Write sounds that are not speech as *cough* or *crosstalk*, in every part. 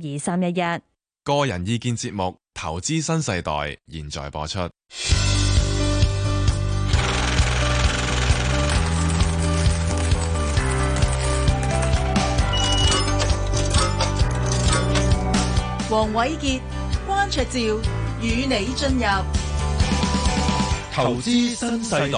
一二三一一個人意見節目《投資新世代》，現在播出。黃瑋傑、關焯照與你進入《投資新世代》。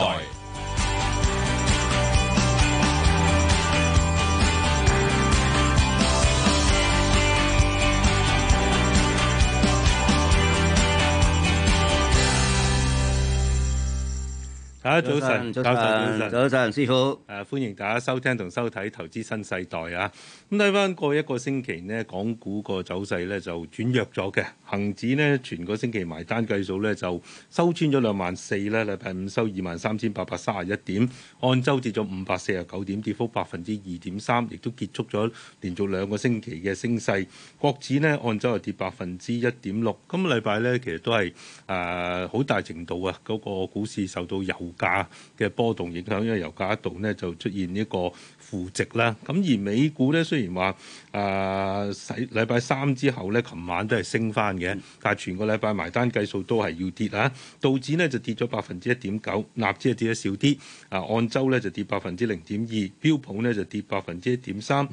大家早晨，早晨，早晨，早晨，師傅。誒，歡迎大家收聽同收睇《投資新世代》啊！咁睇翻過一個星期呢，港股個走勢呢就轉弱咗嘅。恒指呢，全個星期埋單計數呢就收穿咗兩萬四啦。禮拜五收二萬三千八百三十一點，按周跌咗五百四十九點，跌幅百分之二點三，亦都結束咗連續兩個星期嘅升勢。國指呢，按周又跌百分之一點六。今個禮拜呢，嗯，其實都係誒好大程度啊，嗰個股市受到有價嘅波動影響，因為油價一度呢就出現呢個負值啦。咁而美股呢，雖然話啊，洗、呃、禮拜三之後呢，琴晚都係升翻嘅，但係全個禮拜埋單計數都係要跌啊。道指呢就跌咗百分之一點九，納指係跌得少啲，啊，按週呢就跌百分之零點二，標普呢就跌百分之一點三。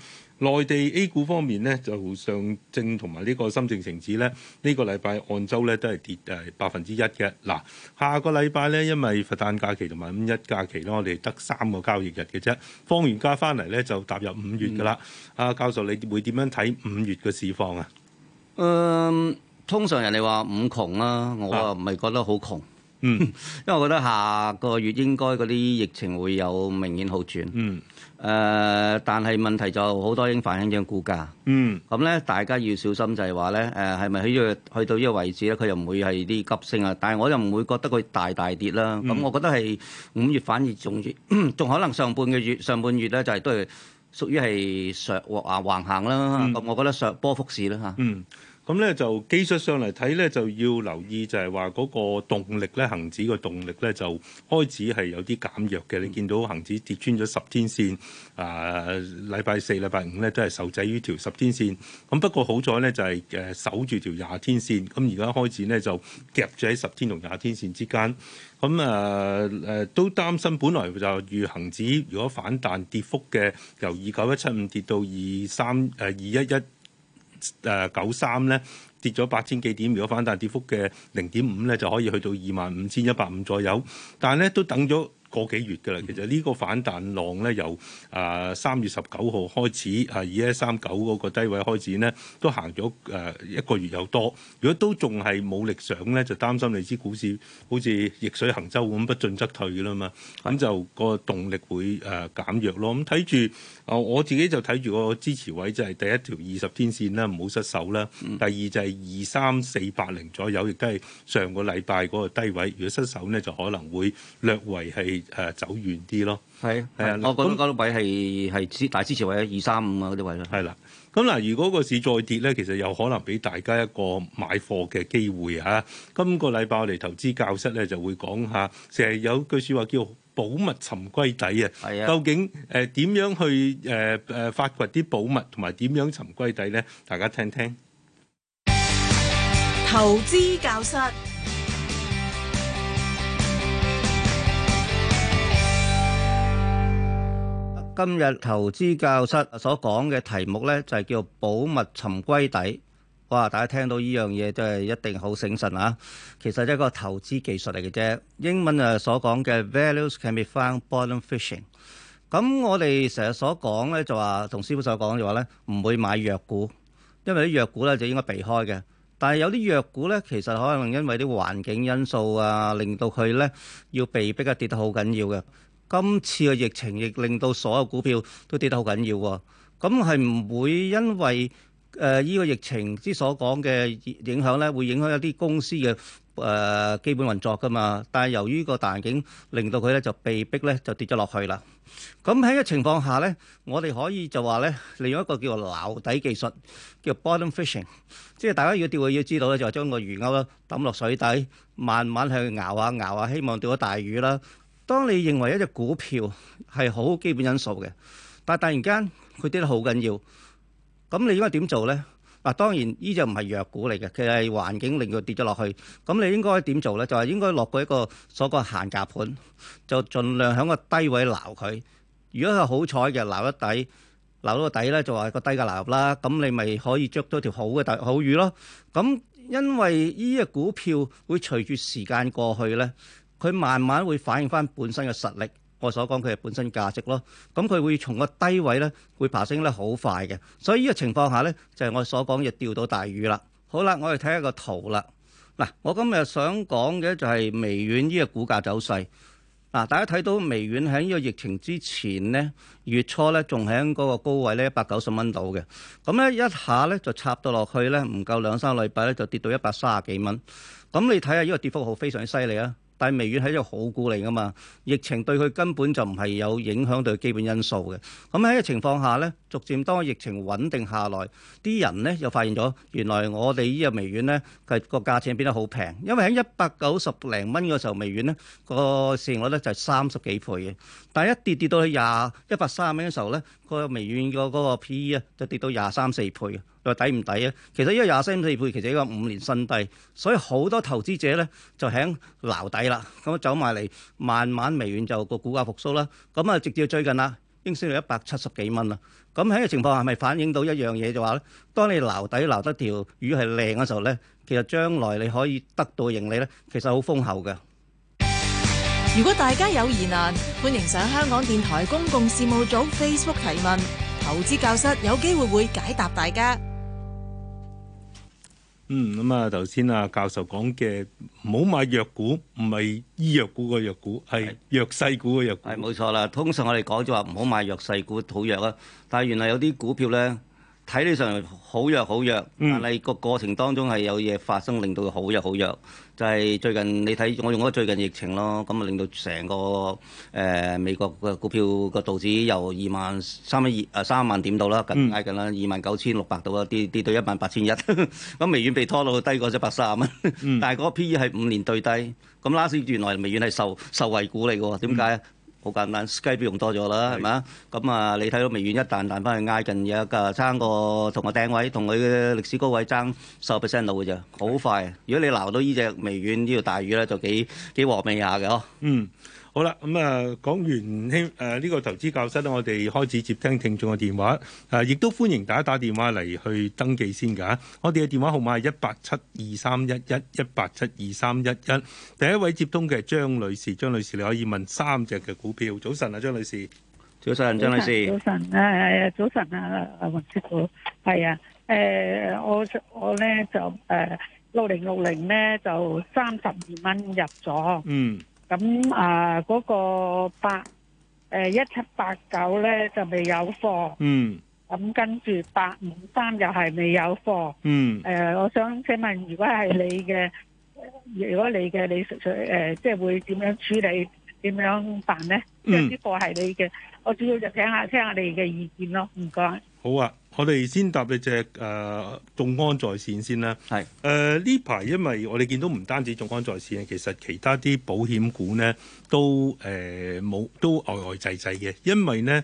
內地 A 股方面呢，就上證同埋呢個深證成指呢。呢、呢個禮拜按周呢，都係跌誒百分之一嘅。嗱，下個禮拜呢，因為佛誕假期同埋五一假期咯，我哋得三個交易日嘅啫。放完假翻嚟呢，就踏入五月噶啦。阿、嗯、教授，你會點樣睇五月嘅市況啊？誒、嗯，通常人哋話五窮啦，我啊唔係覺得好窮啊。嗯，因為我覺得下個月應該嗰啲疫情會有明顯好轉。嗯。誒、呃，但係問題就好、是、多已經反映緊股價。嗯，咁咧大家要小心就係話咧，誒係咪喺呢個去到呢個位置咧，佢又唔會係啲急升啊？但係我又唔會覺得佢大大跌啦，咁、嗯、我覺得係五月反而仲仲可能上半個月上半月咧就係、是、都係屬於係上話橫行啦，咁、嗯、我覺得上波幅市啦嚇。嗯。咁咧就技術上嚟睇咧，就要留意就係話嗰個動力咧，恒指個動力咧就開始係有啲減弱嘅。你見到恒指跌穿咗十天線，啊、呃，禮拜四、禮拜五咧都係受制於條十天線。咁不過好在咧就係誒守住條廿天線。咁而家開始咧就夾住喺十天同廿天線之間。咁啊誒都擔心，本來就預恒指如果反彈跌幅嘅，由二九一七五跌到二三誒二一一。誒九三咧跌咗八千幾點，如果反彈跌幅嘅零點五咧，就可以去到二萬五千一百五左右，但係咧都等咗。個幾月㗎啦，其實呢個反彈浪咧，由啊三、呃、月十九號開始，二一三九嗰個低位開始咧，都行咗誒、呃、一個月有多。如果都仲係冇力上咧，就擔心你支股市好似逆水行舟咁，不進則退㗎啦嘛。咁是的 就個動力會誒、呃、減弱咯。咁睇住啊，我自己就睇住個支持位就係第一條二十天線啦，唔好失守啦。嗯、第二就係二三四八零左右，亦都係上個禮拜嗰個低位。如果失守咧，就可能會略為係。誒走遠啲咯，係係，我覺得嗰啲位係大支持或者二三五啊嗰啲位咯，係啦那。咁嗱的，如果個市再跌咧，其實有可能俾大家一個買貨嘅機會嚇。今個禮拜我哋投資教室咧，就會講下，成日有句説話叫寶物沉歸底啊。係啊的，究竟誒點、呃、樣去誒誒、呃、發掘啲寶物，同埋點樣沉歸底咧？大家聽聽。投資教室。今日投資教室所講嘅題目咧，就係叫寶物尋歸底。哇！大家聽到呢樣嘢，就係一定好醒神啊。其實一個投資技術嚟嘅啫。英文啊，所講嘅 values can be found bottom fishing。咁我哋成日所講咧，就話同師傅所講就話咧，唔會買弱股，因為啲弱股咧就應該避開嘅。但係有啲弱股咧，其實可能因為啲環境因素啊，令到佢咧要被逼啊跌得好緊要嘅。今次嘅疫情亦令到所有股票都跌得好緊要喎，咁係唔會因為誒呢個疫情之所講嘅影響咧，會影響一啲公司嘅誒基本運作噶嘛？但係由於個大環境令到佢咧就被逼咧就跌咗落去啦。咁喺個情況下咧，我哋可以就話咧，利用一個叫做撈底技術，叫 bottom fishing，即係大家要釣嘅要知道咧，就話將個魚鈎咧抌落水底，慢慢去咬下咬下，希望釣到大魚啦。當你認為一隻股票係好基本因素嘅，但係突然間佢跌得好緊要，咁你應該點做呢？嗱，當然呢隻唔係弱股嚟嘅，佢係環境令佢跌咗落去。咁你應該點做呢？就係應該落過一個所謂限價盤，就盡量喺個低位撈佢。如果係好彩嘅，撈到底，撈到個底呢，就話個低價撈入啦。咁你咪可以捉到條好嘅好魚咯。咁因為呢隻股票會隨住時間過去呢。佢慢慢會反映翻本身嘅實力，我所講佢嘅本身價值咯。咁佢會從個低位咧，會爬升咧好快嘅。所以呢個情況下咧，就係我所講要釣到大魚啦。好啦，我哋睇下個圖啦。嗱，我今日想講嘅就係微軟呢個股價走勢。嗱，大家睇到微軟喺呢個疫情之前咧，月初咧仲喺嗰個高位咧一百九十蚊度嘅。咁咧一下咧就插到落去咧，唔夠兩三個禮拜咧就跌到一百三十幾蚊。咁你睇下呢個跌幅號非常之犀利啊！但係微軟喺度好股嚟㗎嘛？疫情對佢根本就唔係有影響對基本因素嘅。咁喺個情況下呢，逐漸當個疫情穩定下來，啲人呢又發現咗原來我哋呢個微軟呢個價錢變得好平，因為喺一百九十零蚊嘅時候，微軟呢個市盈率呢就係三十幾倍嘅。但係一跌跌到去廿一百三十蚊嘅時候呢，個微軟嘅個 P E 啊就跌到廿三四倍。又抵唔抵啊？其實因為廿四點四倍，其實呢個五年新低，所以好多投資者咧就喺撈底啦。咁走埋嚟，慢慢微軟就個股價復甦啦。咁啊，直至最近啦，已經升到一百七十幾蚊啦。咁喺個情況係咪反映到一樣嘢就話咧？當你撈底撈得條魚係靚嘅時候咧，其實將來你可以得到嘅盈利咧，其實好豐厚嘅。如果大家有疑難，歡迎上香港電台公共事務組 Facebook 提問，投資教室有機會會解答大家。嗯，咁啊，頭先啊教授講嘅，唔好買藥股，唔係醫藥股嘅藥股，係藥細股嘅藥股。係冇錯啦，通常我哋講就話唔好買藥細股、土藥啦，但係原來有啲股票咧。睇你上嚟好弱好弱，但係個過程當中係有嘢發生，令到佢好弱好弱。就係、是、最近你睇我用咗最近疫情咯，咁啊令到成個誒、呃、美國嘅股票個道指由二萬三一二啊三萬點到啦，近挨近啦二萬九千六百度一啲跌到一萬八千一，咁 *laughs* 微軟被拖落去低過一百三啊蚊，但係嗰個 P E 係五年對低，咁拉斯原來微軟係受受惠股嚟嘅喎，點解？ *laughs* 好簡單，Skype 用多咗啦，係咪是？咁啊，你睇到微軟一彈彈翻去挨近有一價，爭個同個頂位，同佢嘅歷史高位爭十 percent 到嘅啫，好快啊！如果你撈到呢隻微軟呢條大魚咧，就幾幾和味下嘅呵。嗯。嗯好啦，咁啊，講完呢呢個投資教室啦，我哋開始接聽聽眾嘅電話。誒，亦都歡迎大家打電話嚟去登記先㗎。我哋嘅電話號碼係一八七二三一一一八七二三一一。第一位接通嘅係張女士，張女士你可以問三隻嘅股票。早晨啊，張女士。早晨，張女士。早晨，誒、啊、早晨啊，阿黃師傅，係啊，誒、啊、我我咧就誒六零六零咧就三十二蚊入咗。嗯。咁啊，嗰個八誒一七八九咧就未有貨。嗯。咁跟住八五三又係未有貨。嗯。誒、嗯，我想請問，如果係你嘅，如果你嘅，你誒、呃、即係會點樣處理？點樣辦咧？嗯。有啲貨係你嘅，我主要就聽下聽下你嘅意見咯。唔該。好啊。我哋先答你隻誒眾安在線先啦。係誒呢排，呃、因為我哋見到唔單止眾安在線，其實其他啲保險股咧都誒冇、呃、都呆呆滯滯嘅，因為咧。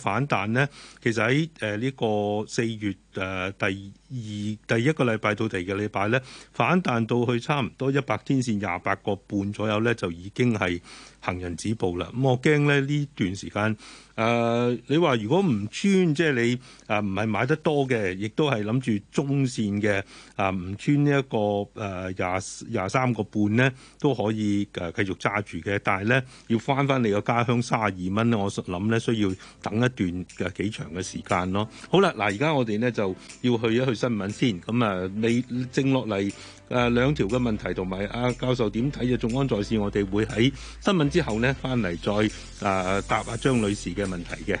反彈呢，其實喺誒呢個四月誒、呃、第二第一個禮拜到第二個禮拜呢，反彈到去差唔多一百天線廿八個半左右呢，就已經係行人止步啦。咁、嗯、我驚呢呢段時間。誒、呃，你話如果唔穿，即係你啊，唔、呃、係買得多嘅，亦都係諗住中線嘅啊，唔、呃、穿、這個呃、呢一個誒廿廿三個半咧，都可以誒繼、呃、續揸住嘅。但係咧，要翻翻你個家鄉三十二蚊咧，我諗咧需要等一段嘅幾長嘅時間咯。好啦，嗱、呃，而家我哋咧就要去一去新聞先。咁啊，你正落嚟。誒，兩條嘅問題同埋阿教授點睇嘅眾安在線，我哋會喺新聞之後呢返嚟再誒答阿張女士嘅問題嘅。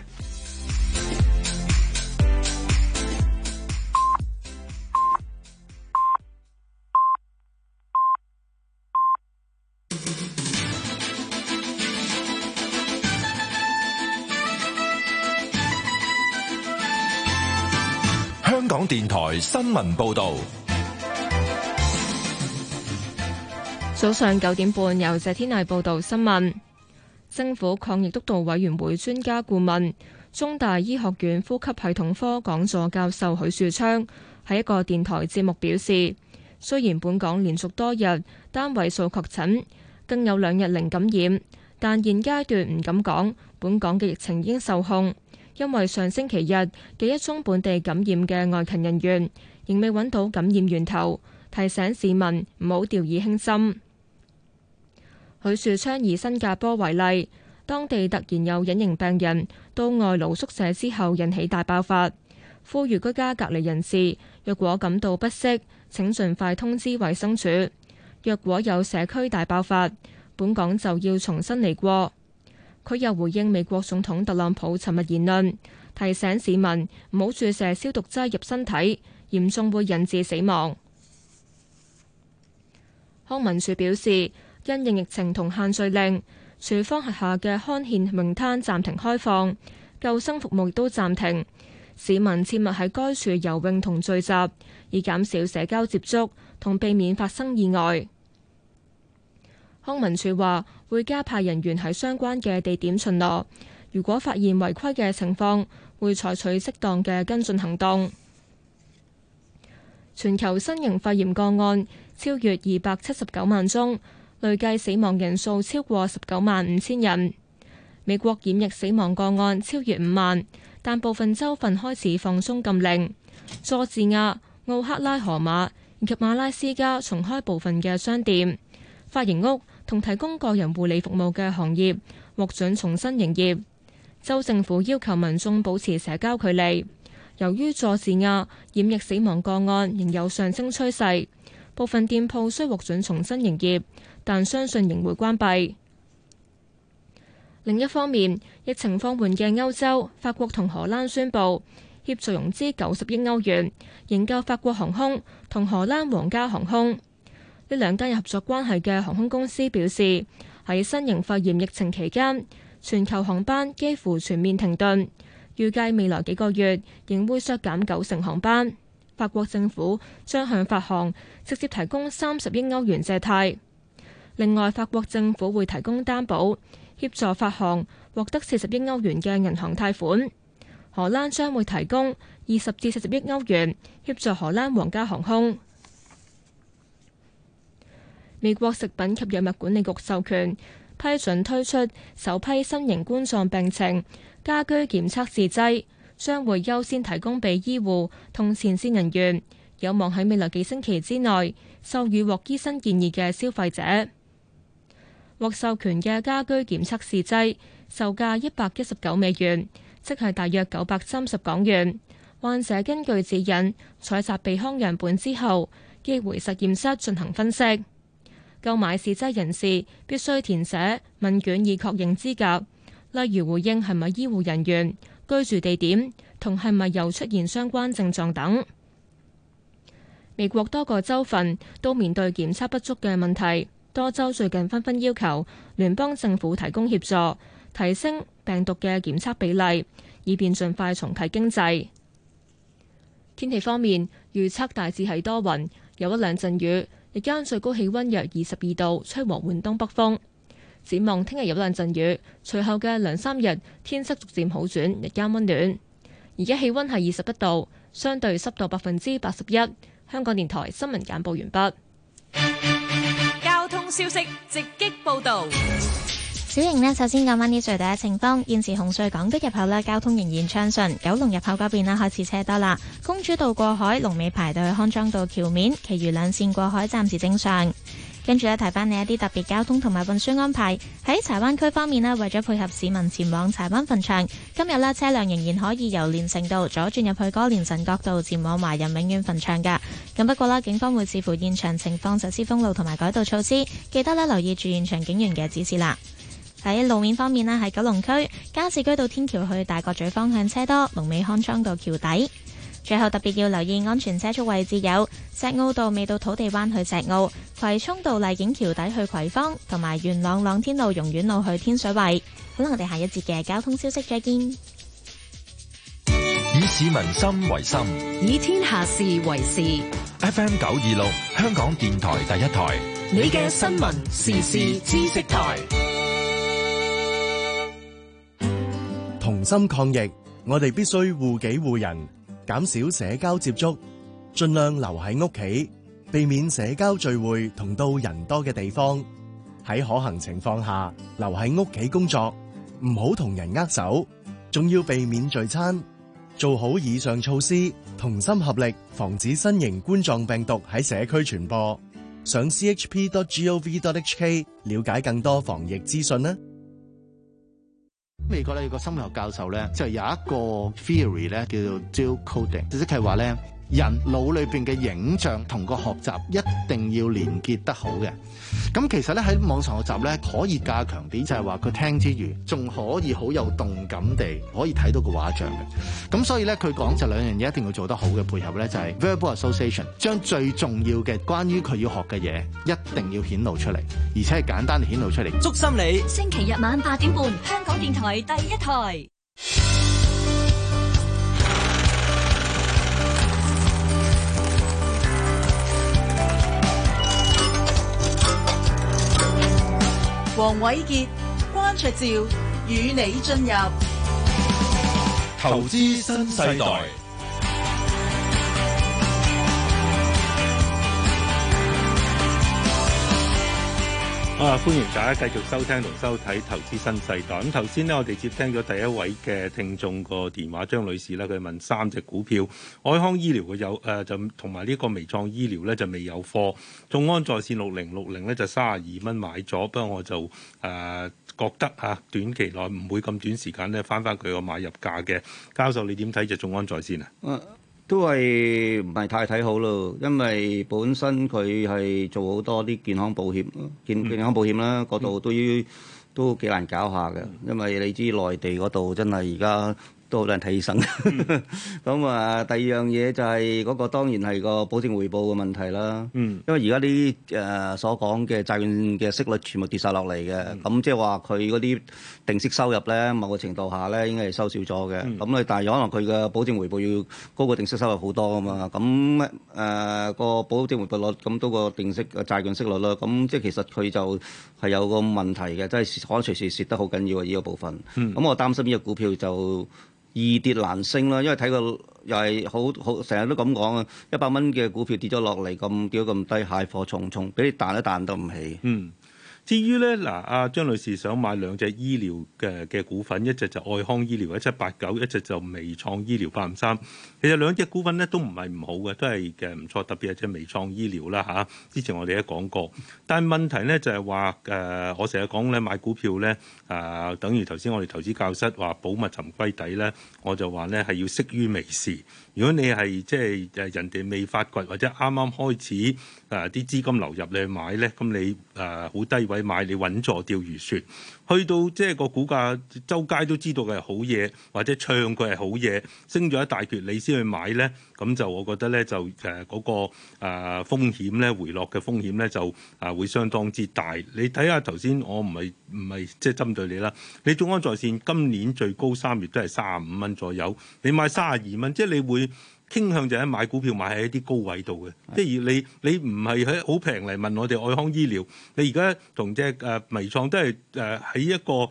香港電台新聞報導。早上九點半，由謝天麗報道新聞。政府抗疫督導委員會專家顧問、中大醫學院呼吸系統科講座教授許樹昌喺一個電台節目表示：雖然本港連續多日單位數確診，更有兩日零感染，但現階段唔敢講本港嘅疫情已經受控，因為上星期日嘅一宗本地感染嘅外勤人員仍未揾到感染源頭，提醒市民唔好掉以輕心。許樹昌以新加坡為例，當地突然有隱形病人到外勞宿舍之後引起大爆發，呼籲居家隔離人士若果感到不適，請盡快通知衛生署。若果有社區大爆發，本港就要重新嚟過。佢又回應美國總統特朗普尋日言論，提醒市民唔好注射消毒劑入身體，嚴重會引致死亡。康文署表示：因應疫情同限聚令，處方轄下嘅康健泳灘暫停開放，救生服務亦都暫停。市民切勿喺該處游泳同聚集，以減少社交接觸同避免發生意外。康文署話會加派人員喺相關嘅地點巡邏，如果發現違規嘅情況，會採取適當嘅跟進行動。全球新型肺炎個案超越二百七十九萬宗。累計死亡人數超過十九萬五千人。美國染疫死亡個案超越五萬，但部分州份開始放鬆禁令。佐治亞、奧克拉荷馬以及馬拉斯加重開部分嘅商店、髮型屋同提供個人護理服務嘅行業獲准重新營業。州政府要求民眾保持社交距離。由於佐治亞染疫死亡個案仍有上升趨勢。部分店鋪需獲准重新營業，但相信仍會關閉。另一方面，疫情放緩嘅歐洲，法國同荷蘭宣布協助融資九十億歐元，營救法國航空同荷蘭皇家航空。呢兩間有合作關係嘅航空公司表示，喺新型肺炎疫情期間，全球航班幾乎全面停頓，預計未來幾個月仍會削減九成航班。法國政府將向法航直接提供三十億歐元借貸，另外法國政府會提供擔保協助法航獲得四十億歐元嘅銀行貸款。荷蘭將會提供二十至四十億歐元協助荷蘭皇家航空。美國食品及藥物管理局授權批准推出首批新型冠狀病情家居檢測試劑。將會優先提供俾醫護同前線人員，有望喺未來幾星期之內授予獲醫生建議嘅消費者。獲授權嘅家居檢測試劑，售價一百一十九美元，即係大約九百三十港元。患者根據指引採集鼻腔樣本之後，寄回實驗室進行分析。購買試劑人士必須填寫問卷以確認資格，例如回應係咪醫護人員。居住地點同係咪又出現相關症狀等。美國多個州份都面對檢測不足嘅問題，多州最近紛紛要求聯邦政府提供協助，提升病毒嘅檢測比例，以便盡快重啟經濟。天氣方面預測大致係多雲，有一兩陣雨，日間最高氣温約二十二度，吹和緩東北風。展望聽日有兩陣雨，隨後嘅兩三日天色逐漸好轉，日間溫暖。而家氣溫係二十一度，相對濕度百分之八十一。香港電台新聞簡報完畢。交通消息直擊報道。小瑩呢，首先講翻呢隧道嘅情況。現時紅隧港島入口咧，交通仍然暢順；九龍入口嗰邊呢，開始車多啦。公主道過海、龍尾排隊，康莊道橋面，其餘兩線過海暫時正常。跟住咧，提翻你一啲特別交通同埋運輸安排。喺柴灣區方面呢，為咗配合市民前往柴灣墳場，今日呢，車輛仍然可以由連城道左轉入去哥連臣角道前往華人永遠墳場㗎。咁不過咧，警方會視乎現場情況實施封路同埋改道措施。記得呢，留意住現場警員嘅指示啦。喺路面方面呢，喺九龍區加士居道天橋去大角咀方向車多，龍尾康莊道橋底。最後特別要留意安全車速位置有石澳道未到土地灣去石澳、葵涌道麗景橋底去葵芳、同埋元朗朗天路、容遠路去天水圍。好啦，我哋下一節嘅交通消息再見。以市民心為心，以天下事為事。F M 九二六，香港電台第一台，你嘅新聞時事知識台。同心抗疫，我哋必須護己護人。減少社交接觸，盡量留喺屋企，避免社交聚會同到人多嘅地方。喺可行情況下，留喺屋企工作，唔好同人握手，仲要避免聚餐。做好以上措施，同心合力，防止新型冠狀病毒喺社區傳播。上 chp.gov.hk 了解更多防疫資訊啦。美國咧有個心理學教授咧，就係、有一個 theory 咧，叫做 dual coding，即係話咧。人腦裏邊嘅影像同個學習一定要連結得好嘅，咁其實咧喺網上學習咧可以加強啲，就係話佢聽之餘，仲可以好有動感地可以睇到個畫像嘅，咁所以咧佢講就兩樣嘢一定要做得好嘅配合咧，就係 verbal association，將最重要嘅關於佢要學嘅嘢一定要顯露出嚟，而且係簡單地顯露出嚟。祝心理，星期日晚八點半，香港電台第一台。黃瑋傑、關焯照與你進入投資新世代。啊！歡迎大家繼續收聽同收睇《投資新世代》。咁頭先咧，我哋接聽咗第一位嘅聽眾個電話，張女士呢佢問三隻股票，愛康醫療嘅有誒，就同埋呢個微創醫療呢就未有貨。眾安在線六零六零呢就三十二蚊買咗，不過我就誒覺得啊，短期內唔會咁短時間呢翻翻佢個買入價嘅。教授你，你點睇就眾安在線啊？嗯。都係唔係太睇好咯，因為本身佢係做好多啲健康保險、嗯、健健康保險啦，嗰度、嗯、都要都幾難搞下嘅，因為你知內地嗰度真係而家都好多人睇醫生。咁啊、嗯， *laughs* 第二樣嘢就係、是、嗰、嗰個當然係個保證回報嘅問題啦。嗯，因為而家啲誒所講嘅債券嘅息率全部跌晒落嚟嘅，咁即係話佢嗰啲，定息收入咧，某個程度下咧，應該係收少咗嘅。咁你、嗯、但係可能佢嘅保證回報要高過定息收入好多啊嘛。咁誒個保證回報率咁多過定息債券息率啦。咁即係其實佢就係有個問題嘅，即係可能隨時蝕得好緊要呢、這個部分。咁、嗯、我擔心呢個股票就易跌難升啦，因為睇佢又係好好成日都咁講啊，一百蚊嘅股票跌咗落嚟咁叫咁低，蟹貨重重，俾你彈一彈都唔起。嗯至於咧，嗱，阿張女士想買兩隻醫療嘅嘅股份，一隻就愛康醫療一七八九，89, 一隻就微創醫療八五三。其實兩隻股份咧都唔係唔好嘅，都係嘅唔錯，特別係隻微創醫療啦嚇。之前我哋都講過，但係問題咧就係話誒，我成日講咧買股票咧，誒、呃，等於頭先我哋投資教室話寶物沉歸底咧。我就話咧，係要識於微時。如果你係即係誒人哋未發掘或者啱啱開始啊啲、呃、資金流入你去買咧，咁你誒好、呃、低位買，你穩坐釣魚船。去到即係個股價周街都知道係好嘢，或者唱佢係好嘢，升咗一大橛，你先去買咧，咁就我覺得咧就誒嗰、呃嗰個啊、呃、風險咧回落嘅風險咧就啊、呃、會相當之大。你睇下頭先我唔係唔係即係針對你啦，你中安在線今年最高三月都係三十五蚊左右，你買三十二蚊，即係你會。傾向就係買股票，買喺一啲高位度嘅，即係而你你唔係喺好平嚟問我哋愛康醫療，你而家同隻微創都係誒喺一個。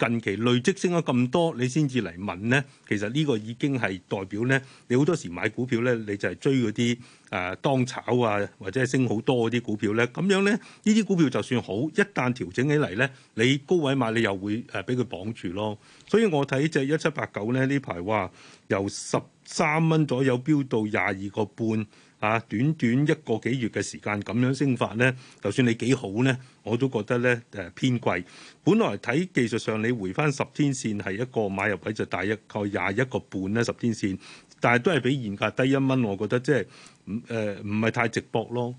近期累積升咗咁多，你先至嚟問呢？其實呢個已經係代表呢，你好多時買股票呢，你就係追嗰啲誒當炒啊，或者係升好多啲股票呢。咁樣呢，呢啲股票就算好，一旦調整起嚟呢，你高位買你又會誒俾佢綁住咯。所以我睇隻一七八九呢，呢排話由十三蚊左右飆到廿二個半。啊，短短一個幾月嘅時間咁樣升法呢，就算你幾好呢，我都覺得呢誒偏貴。本來睇技術上你回翻十天線係一個買入位，就大一個廿一個半咧十天線，但係都係比現價低一蚊，我覺得即係唔誒唔係太直博咯。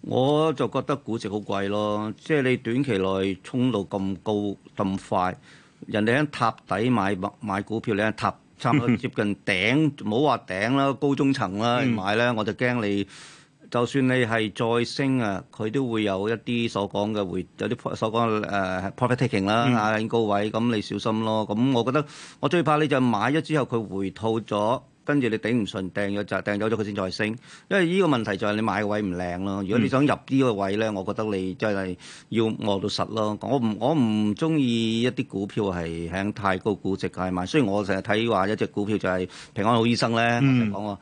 我就覺得估值好貴咯，即係你短期內衝到咁高咁快，人哋喺塔底買買股票你喺塔。差唔多接近頂，唔好話頂啦，高中層啦，嗯、買咧我就驚你，就算你係再升啊，佢都會有一啲所講嘅回，有啲所講誒、uh, profit taking 啦、啊，喺、嗯、高位，咁你小心咯。咁我覺得我最怕你就買咗之後佢回吐咗。跟住你頂唔順，掟咗就掟走咗佢先再升，因為依個問題就係你買個位唔靚咯。如果你想入呢個位咧，我覺得你真係要磨到實咯。我唔我唔中意一啲股票係喺太高估值嘅買。雖然我成日睇話一隻股票就係平安好醫生咧，講、嗯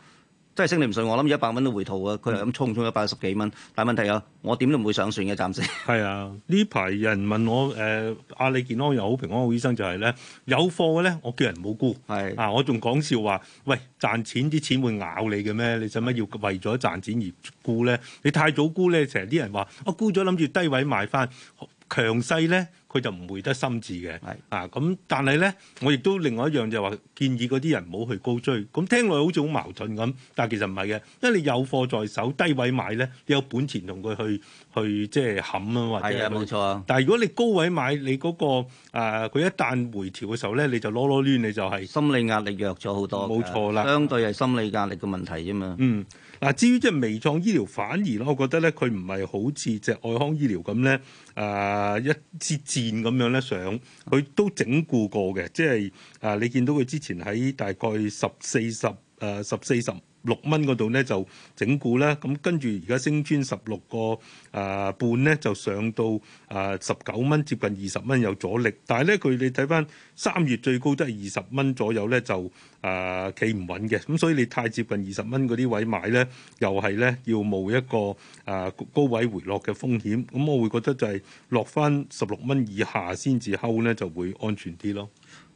真係升你唔信，我諗一百蚊都回吐啊。佢係咁衝衝一百十幾蚊，但係問題啊。我點都唔會上船嘅，暫時。係啊，呢排人問我誒，阿里健康又好，平安好醫生就係咧，有貨咧，我叫人唔好沽。係啊，我仲講笑話，喂，賺錢啲錢會咬你嘅咩？你使乜要為咗賺錢而沽咧？你太早沽咧，成日啲人話，我沽咗諗住低位買返。強勢咧，佢就唔會得心智嘅。係啊，咁但係咧，我亦都另外一樣就話、是、建議嗰啲人唔好去高追。咁聽落好似好矛盾咁，但係其實唔係嘅，因為你有貨在手，低位買咧，有本錢同佢去去即係冚啊。係啊的，冇者錯。但係如果你高位買，你嗰、個佢、啊、一旦回調嘅時候咧，你就囉囉攣，你就係、是、心理壓力弱咗好多。冇錯啦，嗯、相對係心理壓力嘅問題啫嘛。嗯。嗱，至於即係微創醫療，反而咧，我覺得咧，佢唔係好似隻愛康醫療咁咧，誒、呃、一支箭咁樣咧，上佢都整固過嘅，即係誒、呃、你見到佢之前喺大概十四十。誒十四十六蚊嗰度咧就整固啦。咁跟住而家升穿十六個誒、呃、半咧，就上到誒十九蚊，接近二十蚊有阻力。但係咧，佢你睇翻三月最高都係二十蚊左右咧，就誒企唔穩嘅。咁所以你太接近二十蚊嗰啲位買咧，又係咧要冒一個誒、呃、高位回落嘅風險。咁、嗯、我會覺得就係落翻十六蚊以下先至睺咧，就會安全啲咯。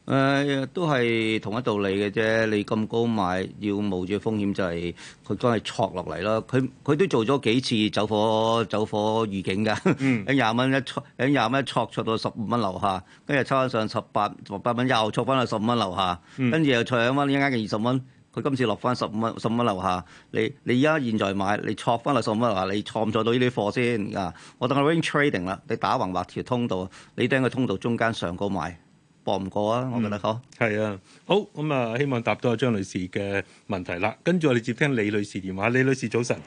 誒、呃、都係同一道理嘅啫，你咁高買要冒住風險、就係，就係佢都係挫落嚟咯。佢佢都做咗幾次走火走火預警㗎。喺廿蚊一挫，喺廿蚊一挫挫到十五蚊樓下，跟住抄翻上十八八蚊，又挫翻去十五蚊樓下，跟住、嗯、又再兩蚊一間嘅二十蚊。佢今次落翻十五蚊十五蚊樓下，你你依家現在買，你挫翻去十五蚊樓下。你挫唔挫到呢啲貨先啊？我等佢 range trading 啦，你打橫劃條通道，你喺個通道中間上高買。搏唔過啊！我明啦嗬。係啊、嗯，好咁啊，希望答到阿張女士嘅問題啦。跟住我哋接聽李女士電話。李女士早晨，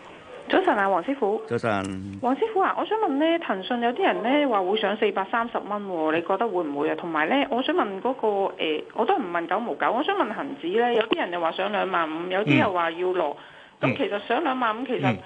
早晨啊，黃師傅，早晨。黃師傅啊，我想問呢，騰訊有啲人呢話會上四百三十蚊，你覺得會唔會啊？同埋呢，我想問嗰、嗰個、呃、我都唔問九毛九，我想問恒指呢，有啲人又話上兩萬五，有啲又話要落。咁其實上兩萬五其實、嗯。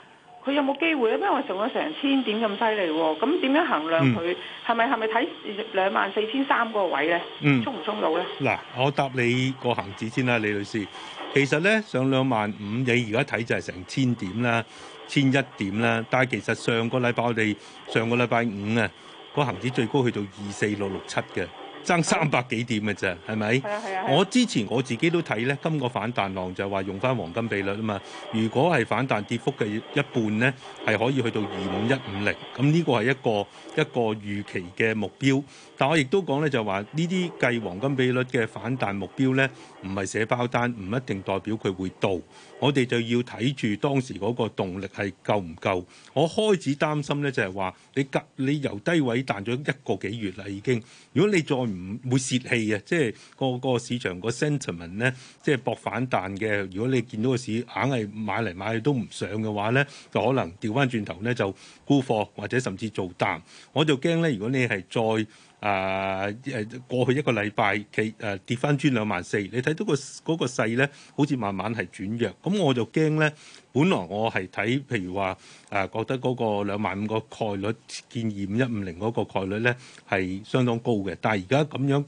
佢有冇機會啊？因為成咗成千點咁犀利喎，咁點樣衡量佢係咪係咪睇兩萬四千三個位咧？衝唔衝到咧？嗱，我答你個恆指先啦，李女士。其實咧，上兩萬五，你而家睇就係成千點啦，千一點啦。但係其實上個禮拜我哋上個禮拜五啊，個恆指最高去到二四六六七嘅。爭三百幾點嘅啫，係咪？啊啊啊、我之前我自己都睇咧，今個反彈浪就係話用翻黃金比率啊嘛。如果係反彈跌幅嘅一半咧，係可以去到二五一五零。咁呢個係一個一個預期嘅目標。但我亦都講咧，就係話呢啲計黃金比率嘅反彈目標咧，唔係寫包單，唔一定代表佢會到。我哋就要睇住當時嗰個動力係夠唔夠？我開始擔心呢，就係話你低你由低位彈咗一個幾月啦，已經如。如果你再唔會泄氣啊，即係個個市場個 sentiment 呢，即係博反彈嘅。如果你見到個市硬係買嚟買去都唔上嘅話呢，就可能調翻轉頭呢，就沽貨或者甚至做淡。我就驚呢，如果你係再。啊誒過去一個禮拜，佢、啊、誒跌翻穿兩萬四，你睇到個嗰個勢咧，好似慢慢係轉弱，咁我就驚咧。本來我係睇譬如話誒、啊，覺得嗰個兩萬五個概率，見二五一五零嗰個概率咧，係相當高嘅，但係而家咁樣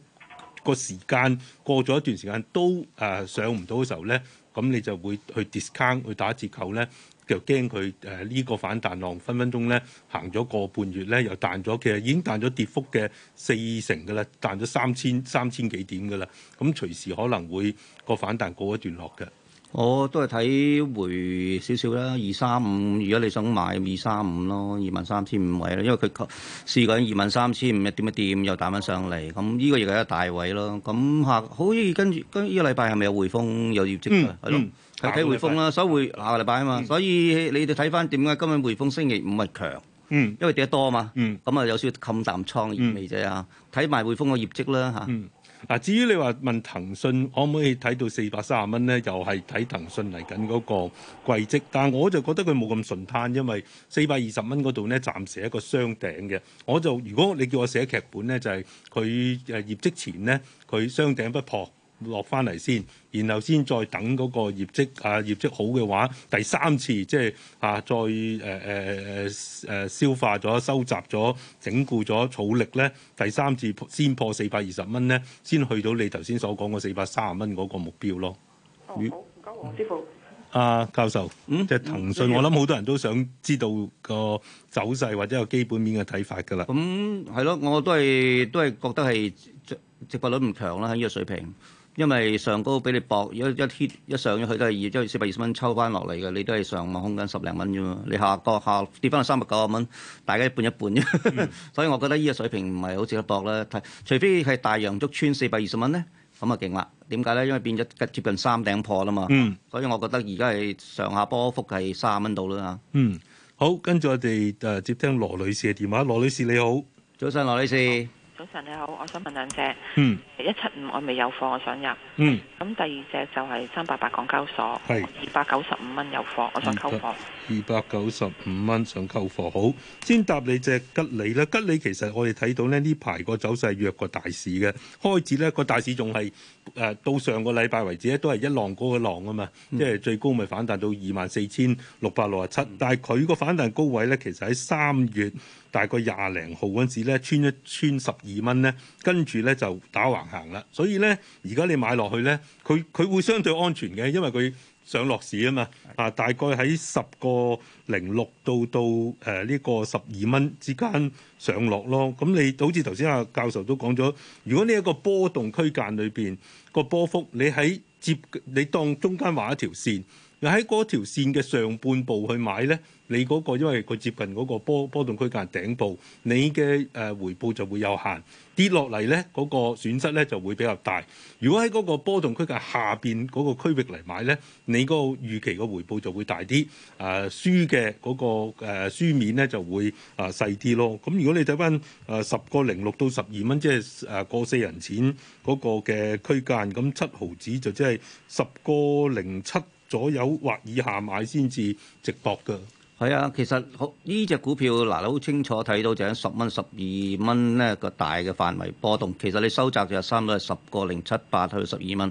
個時間過咗一段時間，都誒、啊、上唔到嘅時候咧。咁你就會去 discount 去打折扣呢，就驚佢誒呢個反彈浪分分鐘呢行咗個半月呢，又彈咗，其實已經彈咗跌幅嘅四成嘅啦，彈咗三千三千幾點嘅啦，咁隨時可能會、這個反彈告一段落嘅。我都係睇回少少啦，二三五，如果你想買，二三五咯，二萬三千五位啦，因為佢試過二萬三千五一點一點又打翻上嚟，咁呢個亦係一大位咯。咁下好易跟住，呢個禮拜係咪有匯豐有業績啊？係咯、嗯，睇匯豐啦，所以下個禮拜啊嘛，嗯、所以你哋睇翻點解今日匯豐星期五係強？嗯，因為跌得多啊嘛。嗯，咁啊、嗯、有少少冚淡倉嘅意味啫。啊，睇埋匯豐嘅業績啦嚇。嗱，至於你話問騰訊可唔可以睇到四百三十蚊咧，又係睇騰訊嚟緊嗰個季績，但係我就覺得佢冇咁順攤，因為四百二十蚊嗰度咧暫時係一個雙頂嘅。我就如果你叫我寫劇本咧，就係佢誒業績前咧，佢雙頂不破。落翻嚟先，然後先再等嗰個業績啊，業績好嘅話，第三次即係啊，再誒誒誒誒消化咗、收集咗、整固咗草力咧，第三次先破四百二十蚊咧，先去到你頭先所講個四百三十蚊嗰個目標咯。哦、好，唔該，黃師傅。阿、嗯啊、教授，即係、嗯、騰訊，嗯、我諗好多人都想知道個走勢或者個基本面嘅睇法㗎啦。咁係咯，我都係都係覺得係值值博率唔強啦，喺呢個水平。因為上高俾你搏，一一天一上咗去都係二，即係四百二十蚊抽翻落嚟嘅，你都係上望空間十零蚊啫嘛。你下個下跌翻去三百九十蚊，大家一半一半啫。嗯、 *laughs* 所以我覺得依個水平唔係好似得搏啦，除非係大陽燭穿四百二十蚊咧，咁啊勁啦。點解咧？因為變咗接近三頂破啦嘛。嗯。所以我覺得而家係上下波幅係卅蚊度啦。嗯。好，跟住我哋誒接聽羅女士嘅電話。羅女士你好，早晨羅女士。早晨你好，我想問兩隻，嗯，一七五我未有貨，我想入。嗯，咁第二隻就係三八八港交所，係二百九十五蚊有貨，我想溝貨，二百九十五蚊想溝貨。好，先答你隻吉利啦，吉利其實我哋睇到呢，呢排個走勢弱過大市嘅，開始呢個大市仲係。誒到上個禮拜為止咧，都係一浪高一浪啊嘛，嗯、即係最高咪反彈到二萬四千六百六十七，但係佢個反彈高位咧，其實喺三月大概廿零號嗰陣時咧，穿一穿十二蚊咧，跟住咧就打橫行啦。所以咧，而家你買落去咧，佢佢會相對安全嘅，因為佢。上落市啊嘛，啊大概喺十個零六到到誒呢個十二蚊之間上落咯。咁你好似頭先阿教授都講咗，如果呢一個波動區間裏邊、嗰個波幅你，你喺接你當中間畫一條線。喺嗰條線嘅上半部去買咧，你嗰、嗰個因為佢接近嗰個波波動區間頂部，你嘅誒回報就會有限，跌落嚟咧嗰個損失咧就會比較大。如果喺嗰個波動區間下邊嗰個區域嚟買咧，你個預期個回報就會大啲，誒、啊、輸嘅嗰、那個誒、啊、輸面咧就會誒細啲咯。咁如果你睇翻誒十個零六到十二蚊，即係誒個四人錢嗰個嘅區間，咁七毫子就即係十個零七。左右或以下買先至直播㗎。係啊，其實呢隻股票嗱，你好清楚睇到就係十蚊、十二蚊呢個大嘅範圍波動。其實你收集就三到十個零七八去十二蚊。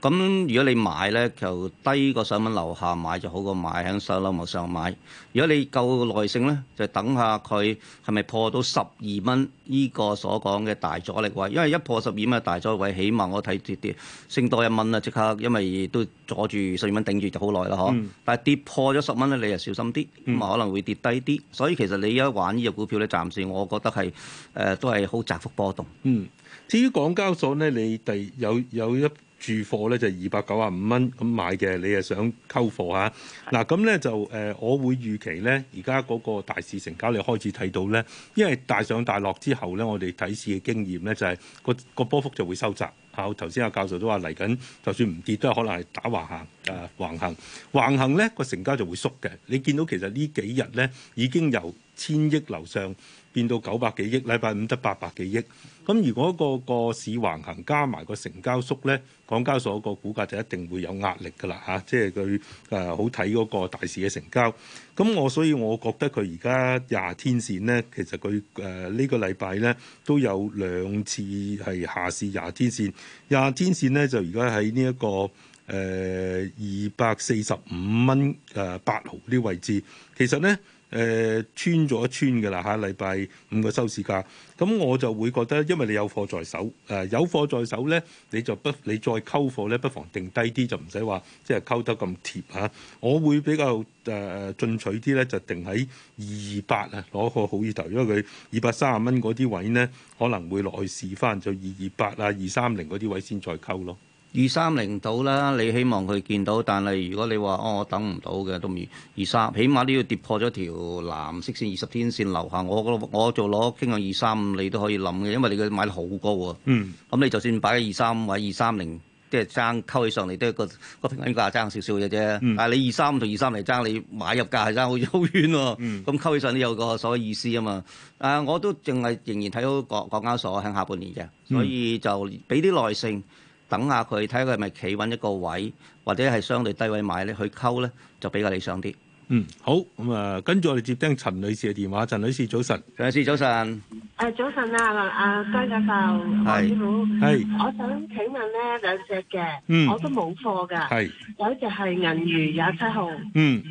咁如果你買咧，就低個十蚊樓下買就好過買喺上樓樓上買。如果你夠耐性咧，就等下佢係咪破到十二蚊？呢個所講嘅大阻力位，因為一破十二蚊大阻力位，起碼我睇跌跌升多、嗯、跌一蚊啦，即刻，因為都阻住十二蚊頂住就好耐啦，嗬。但係跌破咗十蚊咧，你又小心啲，咁啊可能會跌低啲。嗯、所以其實你而家玩呢隻股票咧，暫時我覺得係誒、呃、都係好窄幅波動。嗯，至於港交所咧，你第有有一。有有有住貨咧就二百九啊五蚊咁買嘅，你係想溝貨嚇？嗱咁咧就誒、呃，我會預期咧，而家嗰個大市成交你開始睇到咧，因為大上大落之後咧，我哋睇市嘅經驗咧就係個個波幅就會收窄嚇。頭先阿教授都話嚟緊，就算唔跌都係可能係打橫行啊橫行，的橫行咧個成交就會縮嘅。你見到其實呢幾日咧已經由千億樓上。變到九百幾億，禮拜五得八百幾億。咁如果個個市橫行，加埋個成交縮咧，港交所個股價就一定會有壓力㗎啦嚇。即係佢誒好睇嗰個大市嘅成交。咁我所以我覺得佢而家廿天線咧，其實佢誒呢個禮拜咧都有兩次係下市。廿天線。廿天線咧就而家喺呢一個誒二百四十五蚊誒八毫呢位置。其實咧。誒、呃、穿咗一穿嘅啦，下禮拜五嘅收市價咁，我就會覺得，因為你有貨在手，誒、呃、有貨在手咧，你就不你再溝貨咧，不妨定低啲就唔使話即係溝得咁貼嚇、啊。我會比較誒、呃、進取啲咧，就定喺二二八啊，攞個好意頭，因為佢二百三十蚊嗰啲位咧，可能會落去試翻，就二二八啊、二三零嗰啲位先再溝咯。二三零到啦，你希望佢見到，但係如果你話哦，我等唔到嘅，都唔二三起碼都要跌破咗條藍色線二十天線樓下。我我做攞傾向二三五，你都可以諗嘅，因為你嘅買得好高啊。嗯。咁你就算擺喺二三五或者二三零，即係爭溝起上嚟都係個個平均價爭少少嘅啫。嗯。但係你二三五同二三零爭，你買入價係爭好似好遠喎、啊。咁溝起上都有個所謂意思啊嘛。啊，我都淨係仍然睇到港港交所喺下半年嘅，所以就俾啲耐性。等下佢睇下佢係咪企穩一個位，或者係相對低位買咧，去溝咧就比較理想啲。嗯，好咁啊，跟住我哋接聽陳女士嘅電話。陳女士早晨，陳女士早晨。誒，早晨啊，阿關教授，係你好，係。我想請問咧兩隻嘅，我都冇貨㗎，係有一隻係銀娛廿七號，嗯。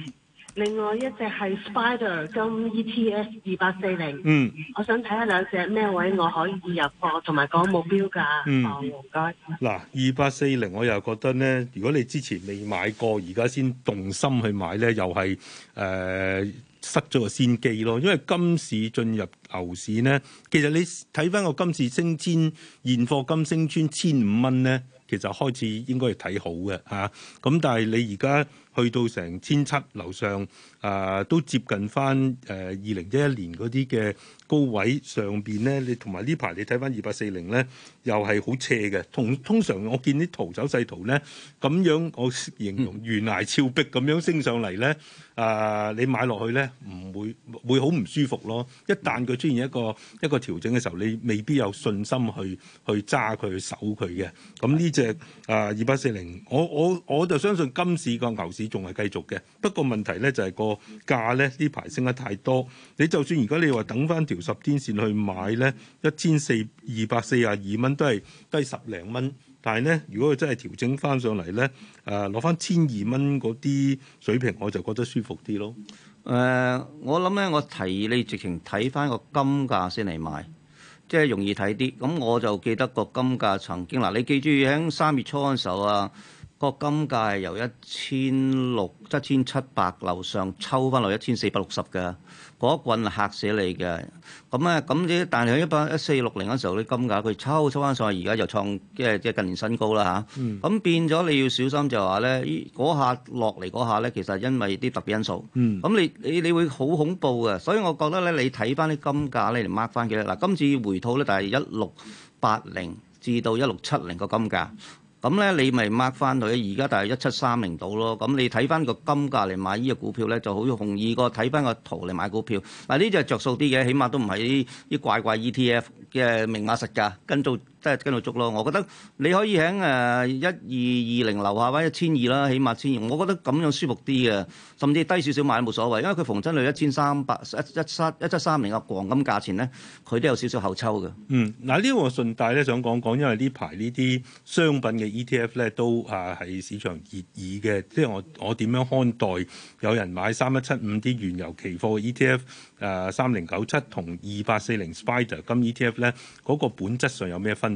另外一隻係 Spider 金 ETF 二八四零，嗯，我想睇下兩隻咩位我可以入貨，同埋講目標價，嗯，唔該、哦。嗱二八四零，40，我又覺得咧，如果你之前未買過，而家先動心去買咧，又係誒失咗個先機咯。因為金市進入牛市咧，其實你睇翻個金市升穿現貨金升穿千五蚊咧，其實開始應該係睇好嘅嚇。咁、啊、但係你而家。去到成千七樓上，誒、呃，都接近翻誒二零一一年嗰啲嘅。高位上邊咧，你同埋呢排你睇翻二八四零咧，又係好斜嘅。同通常我見啲圖走勢圖咧，咁樣我形容懸崖峭壁咁樣升上嚟咧，誒、呃，你買落去咧唔會會好唔舒服咯。一旦佢出現一個一個調整嘅時候，你未必有信心去去揸佢去守佢嘅。咁呢隻誒二八四零，我我我就相信今次個牛市仲係繼續嘅。不過問題咧就係、是、個價咧呢排升得太多。你就算如果你話等翻條。條十天線去買咧，一千四二百四廿二蚊都係低十零蚊，但係咧，如果佢真係調整翻上嚟咧，誒攞翻千二蚊嗰啲水平，我就覺得舒服啲咯。誒，我諗咧，我提議你直情睇翻個金價先嚟買，即係容易睇啲。咁我就記得個金價曾經嗱，你記住喺三月初嗰時候啊，個金價係由一千六、一千七百樓上抽翻落一千四百六十㗎。嗰棍嚇死你嘅，咁咧咁啲，但係一八一四六零嗰時候啲金價佢抽抽翻上，而家就創即係即係近年新高啦嚇。咁變咗你要小心就話咧，嗰下落嚟嗰下咧，其實因為啲特別因素。咁你你你會好恐怖嘅，所以我覺得咧，你睇翻啲金價咧嚟掹翻幾多嗱，今次回吐咧就係一六八零至到一六七零個金價。咁咧，你咪 mark 翻佢，而家就係一七三零度咯。咁你睇翻個金價嚟買呢個股票咧，就好容易過睇翻個圖嚟買股票。嗱，呢就係着數啲嘅，起碼都唔係啲怪怪 ETF 嘅明碼實價都係跟到捉咯，我覺得你可以喺誒一二二零樓下或者一千二啦，1200, 起碼千二，我覺得咁樣舒服啲嘅，甚至低少少買都冇所謂，因為佢逢真裏一千三百一七一七三零嘅黃金價錢咧，佢都有少少後抽嘅。嗯，嗱呢個順帶咧想講講，因為呢排呢啲商品嘅 ETF 咧都啊喺市場熱議嘅，即係我我點樣看待有人買三一七五啲原油期貨 ETF 誒三零九七同二八四零 Spider 金 ETF 咧嗰個本質上有咩分？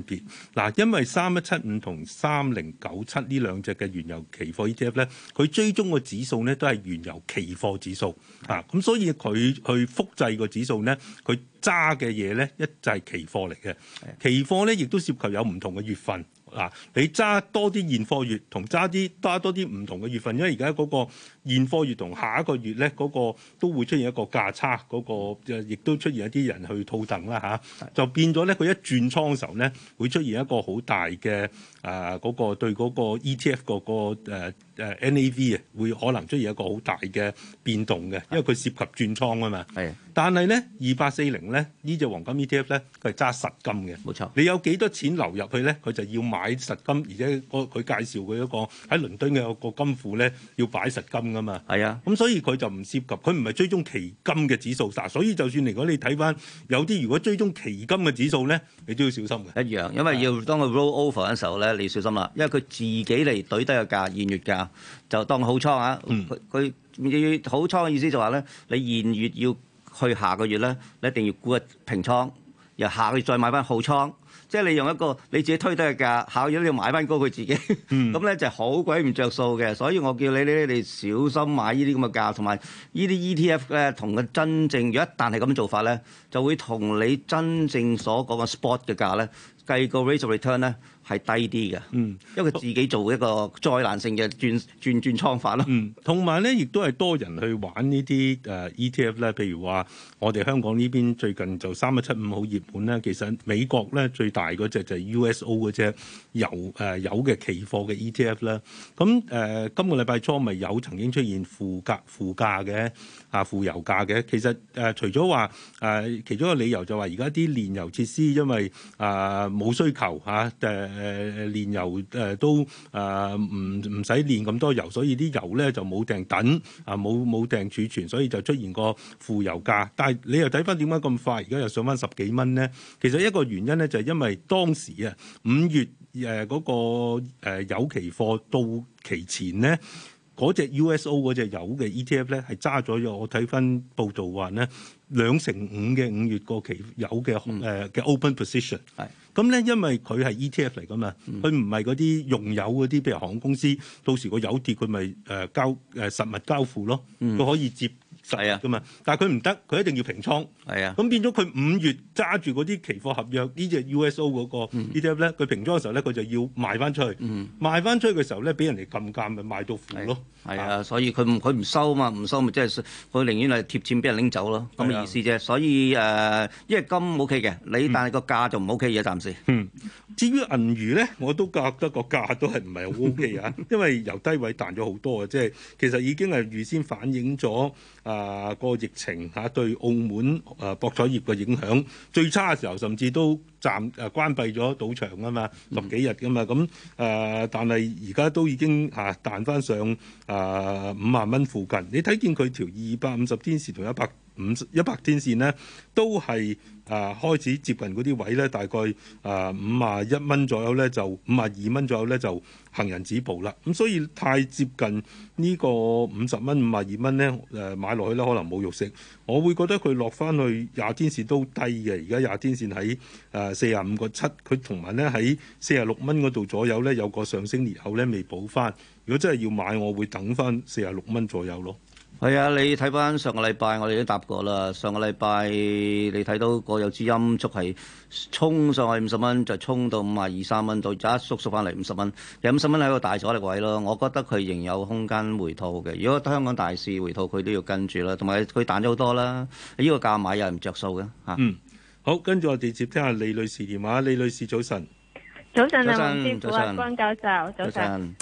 嗱，因為三一七五同三零九七呢兩隻嘅原油期貨 ETF 咧，佢追蹤個指數咧都係原油期貨指數啊，咁所以佢去複製個指數咧，佢揸嘅嘢咧一就係期貨嚟嘅，期貨咧亦都涉及有唔同嘅月份。嗱、啊，你揸多啲現貨月同揸啲揸多啲唔同嘅月份，因為而家嗰個現貨月同下一個月咧，嗰、嗰個都會出現一個價差，嗰、嗰個亦、啊、都出現一啲人去套戥啦嚇，就變咗咧佢一轉倉嘅時候咧，會出現一個好大嘅啊嗰、嗰個對嗰個 ETF、嗰個個、啊誒 NAV 啊，NA 會可能出現一個好大嘅變動嘅，因為佢涉及轉倉啊嘛。係的，但係咧二八四零咧呢隻、這個、黃金 ETF 咧，佢係揸實金嘅。冇錯，你有幾多錢流入去咧，佢就要買實金，而且佢介紹佢一個喺倫敦嘅個金庫咧，要擺實金㗎嘛。係啊的，咁、嗯、所以佢就唔涉及，佢唔係追蹤期金嘅指數㗎，所以就算如果你睇翻有啲如果追蹤期金嘅指數咧，你都要小心嘅。一樣，因為要當佢 roll over 嘅時候咧，你小心啦，因為佢自己嚟懟低個價，現月價。就當好倉啊！佢佢、嗯、好倉嘅意思就話咧，你現月要去下個月咧，你一定要估沽平倉，然後下個月再買翻好倉。即係你用一個你自己推低嘅價，下個月你要買翻高佢自己。咁咧、嗯 *laughs* 嗯、就好鬼唔着數嘅，所以我叫你你小心買呢啲咁嘅價，同埋呢啲 ETF 咧，同個真正如果一旦係咁做法咧，就會同你真正所講嘅 spot 嘅價咧計個 rate of return 咧。係低啲嘅，嗯，因為佢自己做一個災難性嘅轉、嗯、轉轉倉法咯，嗯，同埋咧，亦都係多人去玩呢啲誒 ETF 咧，譬如話。我哋香港呢邊最近就三一七五好熱門啦。其實美國咧最大嗰隻就係 USO 嗰隻油誒、呃、油嘅期貨嘅 ETF 啦。咁誒、呃、今個禮拜初咪有曾經出現負價、負價嘅啊，負油價嘅。其實誒、呃、除咗話誒其中一個理由就話而家啲煉油設施因為啊冇、呃、需求嚇誒誒煉油誒、呃、都啊唔唔使煉咁多油，所以啲油咧就冇訂等啊冇冇訂儲存，所以就出現個負油價，你又睇翻點解咁快，而家又上翻十幾蚊咧？其實一個原因咧，就係因為當時啊，五月誒嗰個、呃、有期貨到期前咧，嗰隻 USO 嗰隻油嘅 ETF 咧，係揸咗。我睇翻報道話咧，兩成五嘅五月個期油嘅誒嘅 open position。係咁咧，因為佢係 ETF 嚟㗎嘛，佢唔係嗰啲用油嗰啲，譬如航空公司，到時個油跌佢咪誒交誒、呃、實物交付咯，佢、嗯、可以接。係啊，噶嘛，但係佢唔得，佢一定要平倉。係啊，咁變咗佢五月揸住嗰啲期貨合約，那個嗯、呢隻 USO 嗰個 ETF 咧，佢平倉嘅時候咧，佢就要賣翻出去。嗯、賣翻出去嘅時候咧，俾人哋禁價咪賣到負咯。係啊，啊啊所以佢唔佢唔收啊嘛，唔收咪即係佢寧願係貼錢俾人拎走咯，咁、那、嘅、個、意思啫。啊、所以誒、呃，因為金 OK 嘅，你、嗯、但係個價就唔 OK 嘅暫時。嗯，至於銀魚咧，我都覺得個價都係唔係好 OK 啊， *laughs* 因為由低位彈咗好多啊，即係其實已經係預先反映咗。啊，個疫情嚇、啊、對澳門啊博彩業嘅影響最差嘅時候，甚至都暫啊關閉咗賭場啊嘛，十幾日噶嘛，咁啊但係而家都已經嚇、啊、彈翻上啊五萬蚊附近，你睇見佢條二百五十天線同一百。五一百天線呢，都係啊、呃、開始接近嗰啲位呢大概啊五啊一蚊左右呢，就五啊二蚊左右呢，就行人止步啦。咁所以太接近呢個五十蚊五啊二蚊呢，誒、呃、買落去呢可能冇肉食。我會覺得佢落翻去廿天線都低嘅，而家廿天線喺啊四啊五個七，佢同埋呢喺四啊六蚊嗰度左右呢，有個上升裂口呢，未補翻。如果真係要買，我會等翻四啊六蚊左右咯。係啊，你睇翻上個禮拜，我哋都答過啦。上個禮拜你睇到個有支音速係衝上去五十蚊，就衝到五啊二三蚊到，而家縮縮翻嚟五十蚊。有五十蚊喺個大阻力位咯，我覺得佢仍有空間回吐嘅。如果香港大市回吐，佢都要跟住啦。同埋佢彈咗好多啦，呢、這個價買又唔着數嘅嚇。啊、嗯，好，跟住我哋接聽下李女士電話。李女士早晨，早，晨早晨，早晨啊，辛苦啊，關教授早晨。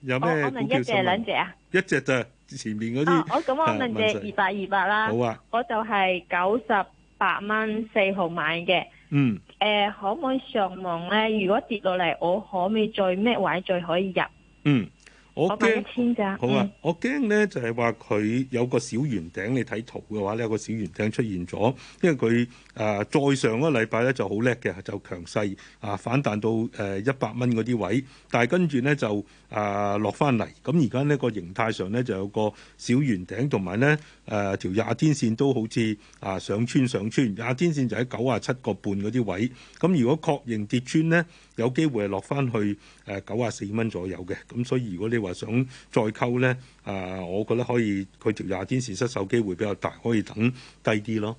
有咩股票啊？可能一隻、兩隻啊？一隻啫、就是。前邊嗰啲，我咁、啊嗯、我問你二百二百啦，我就係九十八蚊四毫買嘅，嗯，誒、呃、可唔可以上網咧？如果跌落嚟，我可唔可以再咩位再可以入？嗯。我驚好啊！嗯、我驚咧就係話佢有個小圓頂，你睇圖嘅話咧有個小圓頂出現咗，因為佢誒再上嗰個禮拜咧就好叻嘅，就強勢啊反彈到誒一百蚊嗰啲位，但係跟住咧就啊落翻嚟。咁而家呢個形態上咧就有個小圓頂，同埋咧誒條廿天線都好似啊上穿上穿，廿天線就喺九啊七個半嗰啲位。咁如果確認跌穿咧？有機會係落翻去誒九啊四蚊左右嘅，咁所以如果你話想再溝咧，啊、呃，我覺得可以，佢條廿天線失手機會比較大，可以等低啲咯。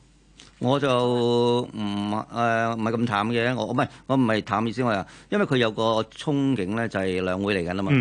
我就唔誒唔係咁淡嘅，我唔係我唔係淡意思，我又因為佢有個憧憬咧，就係兩會嚟緊啊嘛，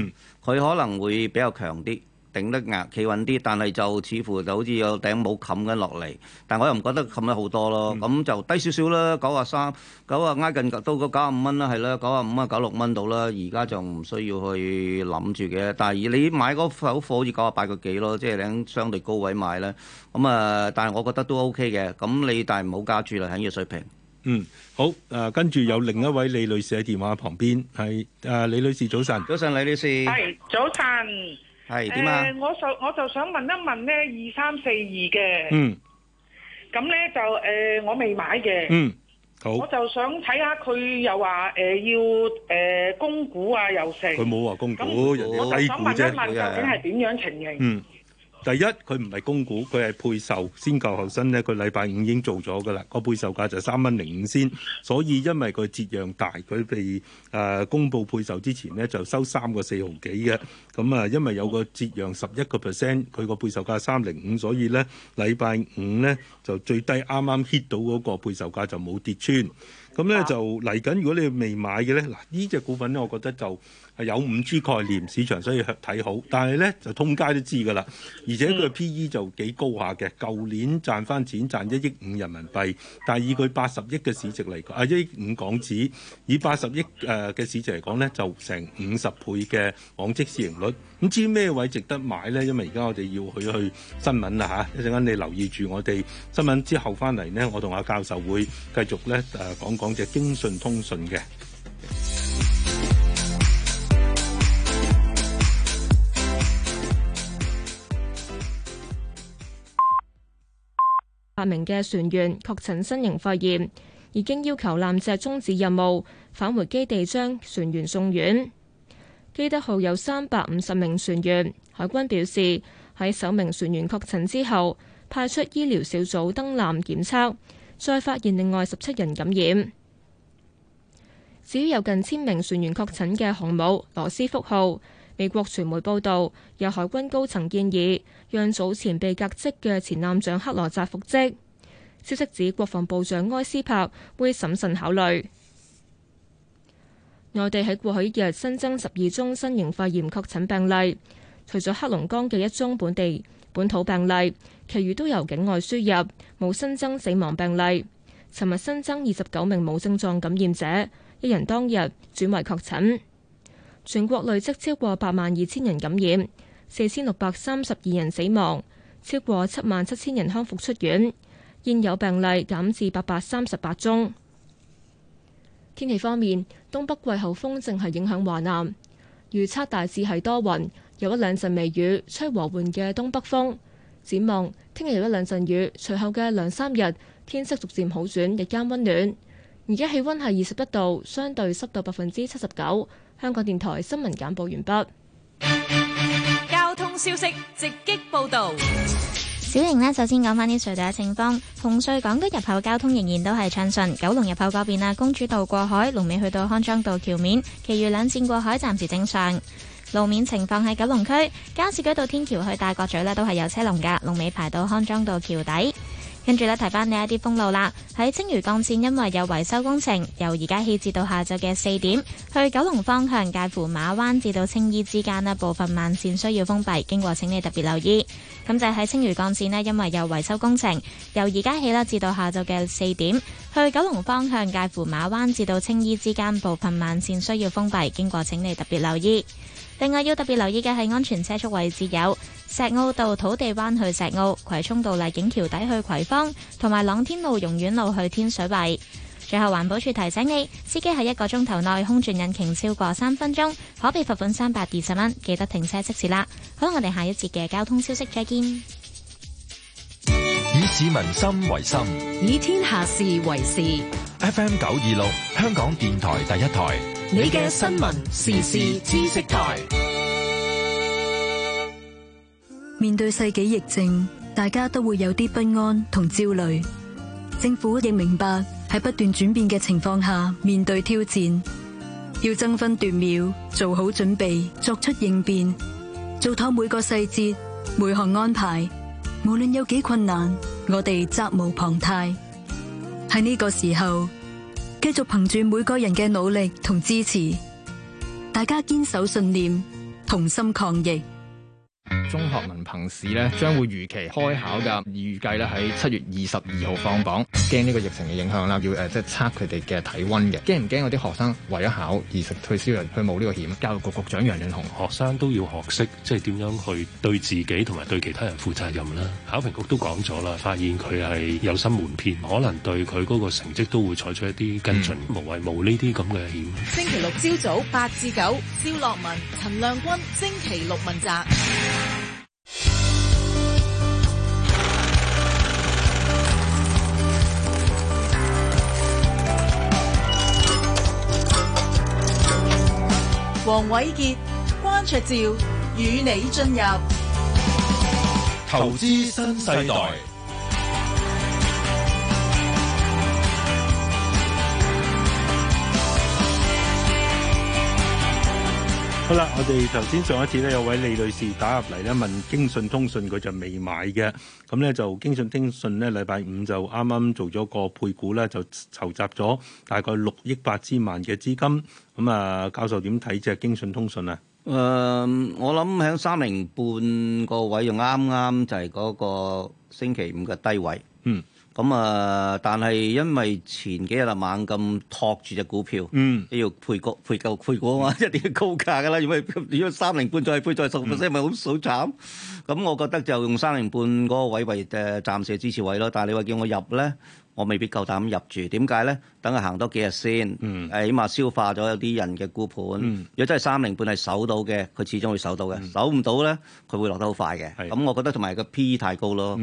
佢可能會比較強啲。嗯頂得硬，企穩啲，但係就似乎就好似有頂帽冚緊落嚟。但我又唔覺得冚得好多咯，咁、嗯、就低少少啦，九啊三、九啊挨近到個九啊五蚊啦，係啦，九啊五啊九六蚊到啦。而家就唔需要去諗住嘅。但係你買嗰手貨好似九啊八個幾咯，即係你相對高位買啦。咁啊，但係我覺得都 O K 嘅。咁你但係唔好加注啦，喺呢個水平。嗯，好。誒、呃，跟住有另一位李女士喺電話旁邊，係誒、呃、李女士早晨。早晨，早李女士。係早晨。係點、啊呃、我就我就想問一問咧，二三四二嘅，嗯，咁咧就誒、呃，我未買嘅，嗯，好，我就想睇下佢又話誒、呃、要誒供、呃、股啊又剩，佢冇話供股，嗯、有我就想問一問究竟係點樣情形？嗯第一，佢唔係供股，佢係配售先舊後新呢，佢禮拜五已經做咗噶啦，個配售價就三蚊零五先。所以因為佢折讓大，佢哋誒公布配售之前呢，就收三個四毫幾嘅。咁、嗯、啊、嗯，因為有個折讓十一個 percent，佢個配售價三零五，所以呢禮拜五呢，就最低啱啱 hit 到嗰個配售價就冇跌穿。咁、嗯嗯啊、呢，就嚟緊，如果你未買嘅呢，嗱呢隻股份呢，我覺得就。係有五 G 概念，市場所以睇好，但係呢，就通街都知㗎啦。而且佢嘅 P E 就幾高下嘅，舊年賺翻錢賺一億五人民幣，但係以佢八十億嘅市值嚟講，啊一億五港紙，以八十億誒嘅市值嚟講呢，就成五十倍嘅往績市盈率。唔知咩位值得買呢？因為而家我哋要去去新聞啦嚇，一陣間你留意住我哋新聞之後翻嚟呢，我同阿教授會繼續呢誒講一講隻京信通信嘅。八名嘅船員確診新型肺炎，已經要求艦隻終止任務，返回基地將船員送院。基德號有三百五十名船員，海軍表示喺首名船員確診之後，派出醫療小組登艦檢測，再發現另外十七人感染。至於有近千名船員確診嘅航母羅斯福號。美國傳媒報導，有海軍高層建議，讓早前被革職嘅前艦長克羅澤復職。消息指，國防部長埃斯珀會審慎考慮。內地喺過去一日新增十二宗新型肺炎確診病例，除咗黑龍江嘅一宗本地本土病例，其餘都由境外輸入，冇新增死亡病例。尋日新增二十九名無症狀感染者，一人當日轉為確診。全國累積超過八萬二千人感染，四千六百三十二人死亡，超過七萬七千人康復出院。現有病例減至八百三十八宗。天氣方面，東北季候風正係影響華南，預測大致係多雲，有一兩陣微雨，吹和緩嘅東北風。展望聽日有一兩陣雨，隨後嘅兩三日天色逐漸好轉，日間温暖。而家氣温係二十一度，相對濕度百分之七十九。香港電台新聞簡報完畢。交通消息直擊報道，小瑩呢，首先講翻啲隧道嘅情況。紅隧港島入口交通仍然都係暢順，九龍入口嗰邊啊，公主道過海龍尾去到康莊道橋面，其餘兩線過海暫時正常。路面情況喺九龍區，加士居道天橋去大角咀呢，都係有車龍噶，龍尾排到康莊道橋底。跟住咧，提翻你一啲封路啦。喺青嶼幹線，因為有維修工程，由而家起至到下晝嘅四點，去九龍方向介乎馬灣至到青衣之間呢，部分慢線需要封閉，經過請你特別留意。咁就喺青嶼幹線呢，因為有維修工程，由而家起啦至到下晝嘅四點，去九龍方向介乎馬灣至到青衣之間部分慢線需要封閉，經過請你特別留意。另外要特別留意嘅係安全車速位置有。石澳道土地灣去石澳，葵涌道麗景橋底去葵芳，同埋朗天路榕苑路去天水圍。最後環保處提醒你，司機喺一個鐘頭內空轉引擎超過三分鐘，可被罰款三百二十蚊，記得停車熄匙啦。好，我哋下一節嘅交通消息再見。以市民心為心，以天下事為事。FM 九二六，香港電台第一台，你嘅新聞時事知識台。面對世紀疫症，大家都會有啲不安同焦慮。政府亦明白喺不斷轉變嘅情況下，面對挑戰，要爭分奪秒做好準備，作出應變，做妥每個細節、每項安排。無論有幾困難，我哋責無旁貸。喺呢個時候，繼續憑住每個人嘅努力同支持，大家堅守信念，同心抗疫。中學文憑試咧，將會如期開考嘅，預計咧喺七月二十二號放榜。驚呢個疫情嘅影響啦，要誒、呃、即係測佢哋嘅體溫嘅。驚唔驚？有啲學生為咗考而食退燒藥？去冒呢個險？教育局局長楊潤雄：學生都要學識，即係點樣去對自己同埋對其他人負責任啦。考評局都講咗啦，發現佢係有心瞞騙，可能對佢嗰個成績都會採取一啲跟進，嗯、無謂冒呢啲咁嘅險。星期六朝早八至九，蕭樂文、陳亮君，星期六問責。黃瑋傑、關焯照與你進入投資新世代。好啦，我哋頭先上一次咧，有位李女士打入嚟咧問京信通訊，佢就未買嘅。咁、嗯、咧就京信通訊咧，禮拜五就啱啱做咗個配股咧，就籌集咗大概六億八千萬嘅資金。咁、嗯、啊，教授點睇隻京信通訊啊？誒、呃，我諗喺三零半個位用啱啱就係嗰個星期五嘅低位。嗯。咁啊！嗯、但係因為前幾日啊猛咁托住隻股票，嗯，你要配股配夠配股啊嘛，一定要高價噶啦！如果三零半再配再送，唔係咪好好慘？咁、嗯、我覺得就用三零半嗰個位為誒暫時支持位咯。但係你話叫我入咧？我未必夠膽入住，點解咧？等佢行多幾日先，誒、嗯，起碼消化咗有啲人嘅沽盤。嗯、如果真係三零半係守到嘅，佢始終會守到嘅。嗯、守唔到咧，佢會落得好快嘅。咁我覺得同埋個 P 太高咯。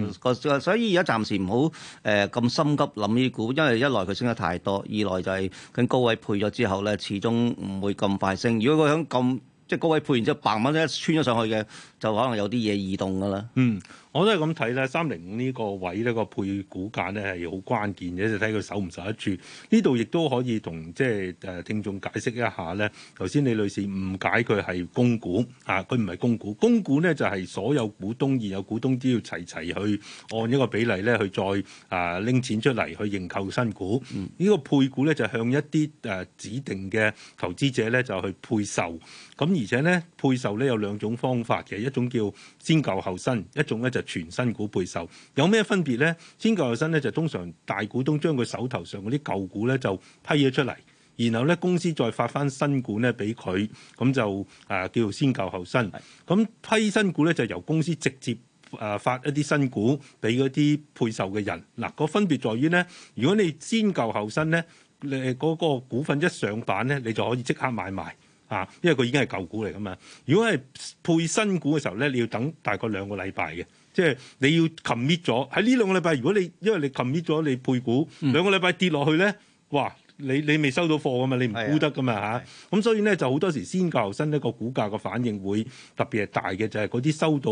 所以而家暫時唔好誒咁心急諗呢股，因為一來佢升得太多，二來就係佢高位配咗之後咧，始終唔會咁快升。如果佢響咁即係高位配完之後，百蚊一穿咗上去嘅，就可能有啲嘢移動噶啦。嗯。我都係咁睇咧，三零五呢個位呢個配股價呢係好關鍵嘅，就睇佢守唔守得住。呢度亦都可以同即係誒聽眾解釋一下，呢頭先李女士誤解佢係公股供股啊，佢唔係供股。供股呢就係所有股東，而有股東都要齊齊去按一個比例呢去再啊拎錢出嚟去認購新股。呢、嗯、個配股呢就向一啲誒指定嘅投資者呢就去配售。咁而且呢，配售呢有兩種方法嘅，一種叫先舊後新，一種呢。就是、～全新股配售有咩分別呢？先舊後新咧，就通常大股東將佢手頭上嗰啲舊股咧就批咗出嚟，然後咧公司再發翻新股咧俾佢，咁就啊叫做先舊後新。咁批新股咧就由公司直接啊發一啲新股俾嗰啲配售嘅人。嗱、那，個分別在於呢，如果你先舊後新咧，誒、那、嗰個股份一上板咧，你就可以即刻買賣啊，因為佢已經係舊股嚟噶嘛。如果係配新股嘅時候咧，你要等大概兩個禮拜嘅。即係你要 commit 咗喺呢兩個禮拜，如果你因為你 commit 咗你配股、嗯、兩個禮拜跌落去咧，哇！你你未收到貨噶嘛，你唔沽得噶嘛嚇。咁、啊、所以咧就好多時先教生一個股價嘅反應會特別係大嘅，就係嗰啲收到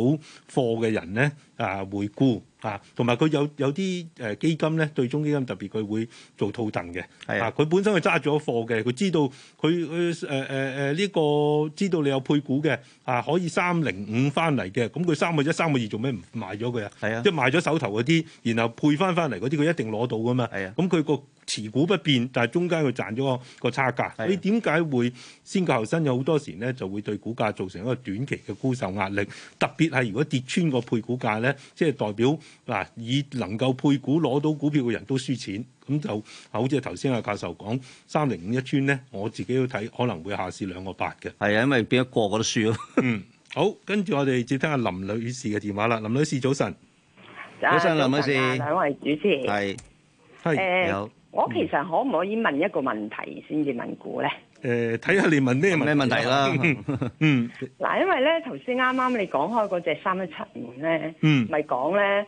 貨嘅人咧啊會沽。啊，同埋佢有有啲誒、呃、基金咧，對沖基金特別佢會做套戥嘅。係啊，佢、啊、本身佢揸咗貨嘅，佢知道佢佢誒誒誒呢個知道你有配股嘅，啊可以三零五翻嚟嘅，咁佢三個一三個二做咩唔賣咗佢啊？係啊，即係賣咗手頭嗰啲，然後配翻翻嚟嗰啲，佢一定攞到噶嘛。係啊，咁佢個持股不變，但係中間佢賺咗個個差價。係啊，你點解會先後生有好多時咧，就會對股價造成一個短期嘅沽售壓力。特別係如果跌穿個配股價咧，即係代表。嗱，以能夠配股攞到股票嘅人都輸錢，咁就好似頭先阿教授講，三零五一穿咧，我自己都睇可能會下試兩個八嘅。係啊，因為變一個個都輸咯、嗯。好，跟住我哋接聽阿林女士嘅電話啦。林女士，早晨。早晨，林女士。兩位主持。係。係。你好。我其實可唔可以問一個問題先至問股咧？誒、欸，睇下你問咩咩問題啦。 *laughs* 嗯。嗱，因為咧頭先啱啱你講開嗰隻三一七年咧，咪講咧。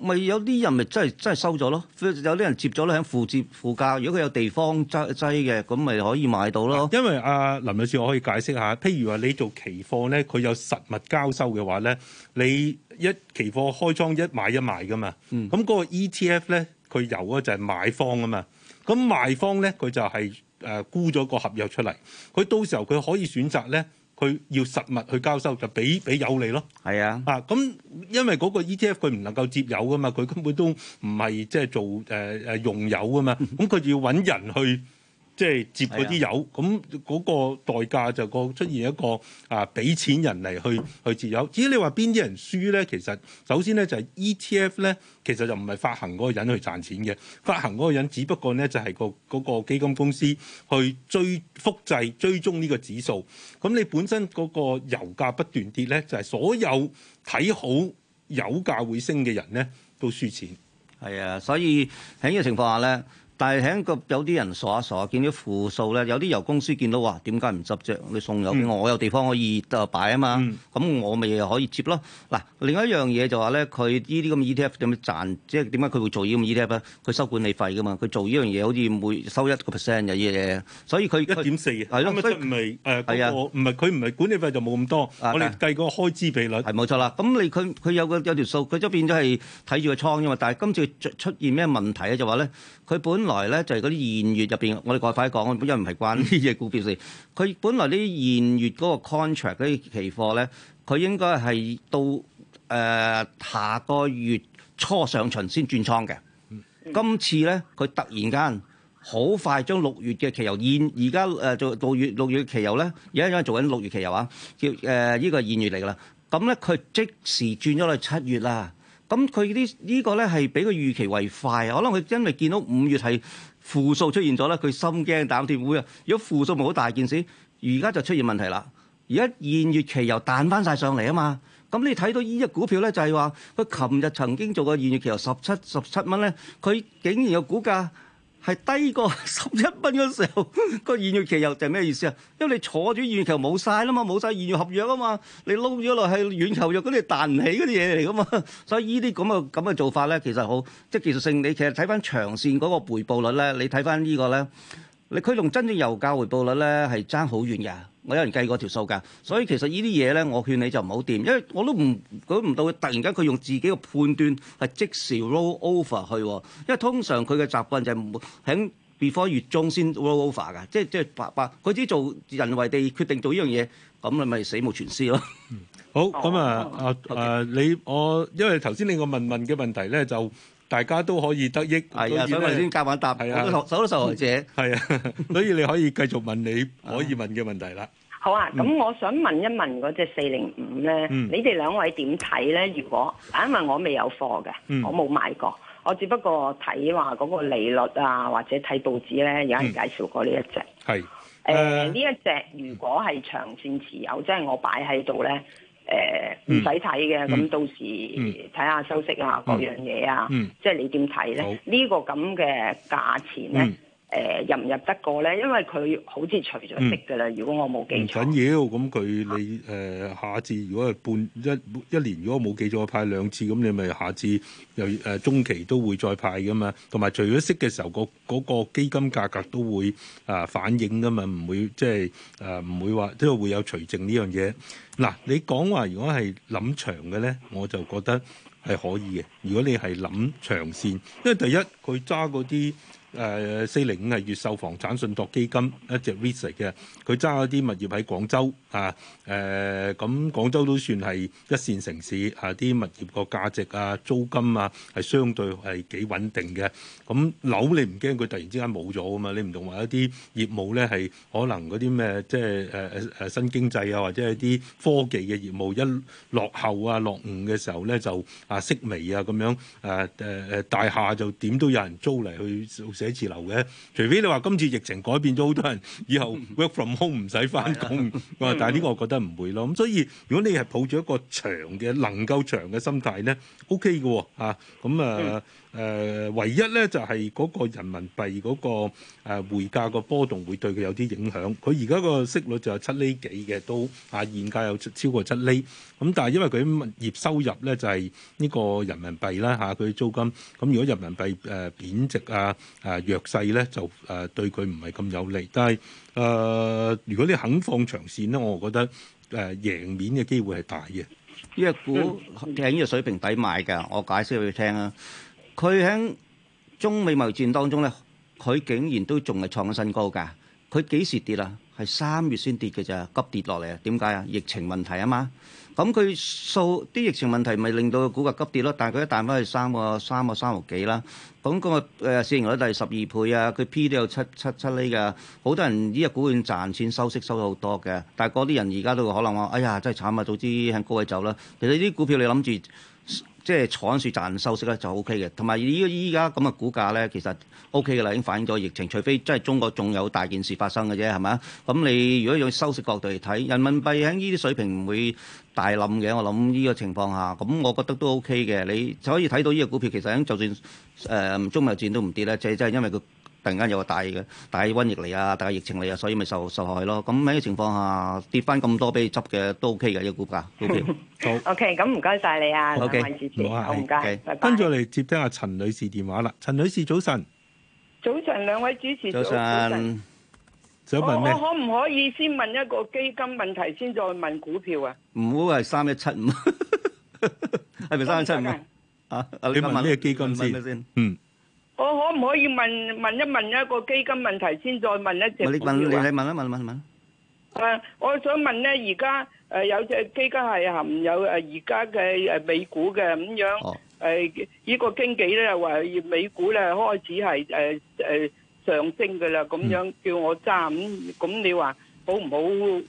咪有啲人咪真係真係收咗咯，有啲人接咗咧喺附接附加，如果佢有地方擠擠嘅，咁咪可以買到咯。因為啊林女士，我可以解釋下，譬如話你做期貨咧，佢有實物交收嘅話咧，你一期貨開倉一買一賣噶嘛，咁嗰、嗯、個 ETF 咧佢由啊就係買方啊嘛，咁賣方咧佢就係誒沽咗個合約出嚟，佢到時候佢可以選擇咧。佢要實物去交收就俾俾油你咯，係啊，啊咁因為嗰個 ETF 佢唔能夠接油噶嘛，佢根本都唔係即係做誒誒用油噶嘛，咁佢 *laughs* 要揾人去。即係接嗰啲油，咁嗰個代價就個出現一個啊，俾錢人嚟去去接油。至於你話邊啲人輸咧，其實首先咧就係、是、ETF 咧，其實就唔係發行嗰個人去賺錢嘅，發行嗰個人只不過咧就係、是那個嗰、那個、基金公司去追複製、追蹤呢個指數。咁你本身嗰個油價不斷跌咧，就係、是、所有睇好油價會升嘅人咧都輸錢。係啊，所以喺呢個情況下咧。但係喺個有啲人傻一傻，見到負數咧，有啲油公司見到話點解唔執啫？你送油俾我，嗯、我有地方可以就擺啊嘛。咁、嗯、我咪又可以接咯。嗱，另一樣嘢就話、是、咧，佢呢啲咁 E T F 點樣賺？即係點解佢會做呢啲 E T F 咧？佢收管理費噶嘛？佢做呢樣嘢好似每收一個 percent 嘅依嘢，所以佢一點四嘅係咯，所以唔唔係佢唔係管理費就冇咁多。Uh, 我哋計個開支比率係冇錯啦。咁你佢佢有個有條數，佢都變咗係睇住個倉啫嘛。但係今次出出現咩問題咧？就話咧。佢本來咧就係嗰啲現月入邊，我哋過快講，本質唔係關呢啲嘢股票事。佢本來啲現月嗰個 contract 嗰啲期貨咧，佢應該係到誒、呃、下個月初上旬先轉倉嘅。今次咧，佢突然間好快將六月嘅期油現而家誒做到月六月期油咧，而家仲做緊六月期油啊，叫誒呢、呃呢個係現月嚟㗎啦。咁咧佢即時轉咗去七月啦。咁佢啲呢個咧係比佢預期為快，可能佢因為見到五月係負數出現咗咧，佢心驚膽跳。會啊，如果負數冇好大件事，而家就出現問題啦。而家現月期又彈翻晒上嚟啊嘛，咁你睇到呢隻股票咧就係話，佢琴日曾經做過現月期十七十七蚊咧，佢竟然有股價。係低過十一蚊嗰時候，個 *laughs* 二月期又就係咩意思啊？因為你坐住二月期冇晒啦嘛，冇晒二月合約啊嘛，你撈咗落去遠球肉嗰啲彈唔起嗰啲嘢嚟噶嘛， *laughs* 所以呢啲咁嘅咁嘅做法咧，其實好即係技術性。你其實睇翻長線嗰個回報率咧，你睇翻呢個咧，你佢同真正油價回報率咧係爭好遠㗎。我有人計過條數㗎，所以其實呢啲嘢咧，我勸你就唔好掂，因為我都唔估唔到，突然間佢用自己嘅判斷係即時 rollover 去，因為通常佢嘅習慣就係唔會喺 before 月中先 rollover 噶。即即白白佢自己做人為地決定做呢樣嘢，咁啊咪死無全屍咯、嗯。好，咁啊啊啊，你我因為頭先你我問問嘅問題咧就。大家都可以得益，係啊。所以先夾硬答，係啊，手都受害者。係啊，所以你可以繼續問你可以問嘅問題啦。好啊，咁我想問一問嗰隻四零五咧，你哋兩位點睇咧？如果因為我未有貨嘅，我冇買過，我只不過睇話嗰個利率啊，或者睇報紙咧，有人介紹過呢一隻。係，誒呢一隻如果係長線持有，即係我擺喺度咧。誒唔使睇嘅，咁、呃嗯、到時睇、嗯、下收息啊，嗯、各樣嘢啊，嗯、即係你點睇咧？嗯、這個這呢個咁嘅價錢咧？嗯誒入唔入得過咧？因為佢好似除咗息嘅啦。嗯、如果我冇記錯，唔緊要。咁佢你誒、啊、下次如果係半一一年，如果冇記錯我派兩次，咁你咪下次又誒、呃、中期都會再派噶嘛。同埋除咗息嘅時候，個嗰、嗰個基金價格都會啊反映噶嘛，唔會即係誒唔會話都會有除淨呢樣嘢。嗱，你講話如果係諗長嘅咧，我就覺得係可以嘅。如果你係諗長線，因為第一佢揸嗰啲。誒四零五係越秀房產信託基金一隻 VISA 嘅，佢揸一啲物業喺廣州啊，誒、呃、咁廣州都算係一線城市啊，啲物業個價值啊、租金啊係相對係幾穩定嘅。咁、啊、樓你唔驚佢突然之間冇咗啊嘛？你唔同話一啲業務咧係可能嗰啲咩即係誒誒誒新經濟啊，或者係啲科技嘅業務一落後啊、落伍嘅時候咧就啊息微啊咁樣誒誒誒大廈就點都有人租嚟去。寫字樓嘅，除非你話今次疫情改變咗好多人以後 work from home 唔使翻工， *laughs* 但係呢個我覺得唔會咯。咁所以如果你係抱住一個長嘅能夠長嘅心態咧，OK 嘅喎，咁啊。嗯誒、呃、唯一咧就係、是、嗰個人民幣嗰、那個誒匯、呃、價個波動會對佢有啲影響。佢而家個息率就有七厘幾嘅，都啊現價有超過七厘。咁、嗯、但係因為佢啲物業收入咧就係、是、呢個人民幣啦嚇，佢、啊、租金。咁、嗯、如果人民幣誒、呃、貶值啊誒、呃、弱勢咧，就誒對佢唔係咁有利。但係誒、呃，如果你肯放長線咧，我覺得誒、呃、贏面嘅機會係大嘅。呢個股喺呢個水平底買㗎，我解釋俾你聽啊。佢喺中美貿易戰當中咧，佢竟然都仲係創緊新高㗎。佢幾時跌啊？係三月先跌嘅咋，急跌落嚟啊！點解啊？疫情問題啊嘛。咁佢數啲疫情問題咪令到個股價急跌咯。但係佢一彈翻去三個三個三毫幾啦。咁個誒市盈率都係十二倍啊，佢 P 都有七七七厘㗎。好多人依個股券賺錢收息收咗好多嘅，但係嗰啲人而家都可能話：哎呀，真係慘啊！早知向高位走啦。其實呢啲股票你諗住？即係搶雪賺收息咧就 O K 嘅，同埋依依家咁嘅股價咧，其實 O K 嘅啦，已經反映咗疫情，除非真係中國仲有大件事發生嘅啫，係咪啊？咁你如果用收息角度嚟睇，人民幣喺呢啲水平唔會大冧嘅，我諗呢個情況下，咁我覺得都 O K 嘅。你可以睇到呢個股票其實就、呃，就算誒中美戰都唔跌啦，即係真係因為佢。突然間有個大嘅大瘟疫嚟啊，大嘅疫情嚟啊，所以咪受受害咯。咁喺啲情況下跌翻咁多俾你執嘅都 OK 嘅，呢個股價 OK。好 OK，咁唔該曬你啊，兩位主持，唔該，拜拜。跟住我嚟接聽阿陳女士電話啦。陳女士早晨，早晨，兩位主持早晨。想問咩？我可唔可以先問一個基金問題，先再問股票啊？唔好係三一七五，係咪三一七五啊？你問呢個基金先？嗯。我可唔可以問問一問一個基金問題先，再問一隻股票啊？你問你嚟問啦，問問問。誒，我想問咧，而家誒有隻基金係含有誒而家嘅誒美股嘅咁樣。誒，呢個經紀咧話以美股咧開始係誒誒上升嘅啦，咁樣叫我揸咁咁，你話好唔好？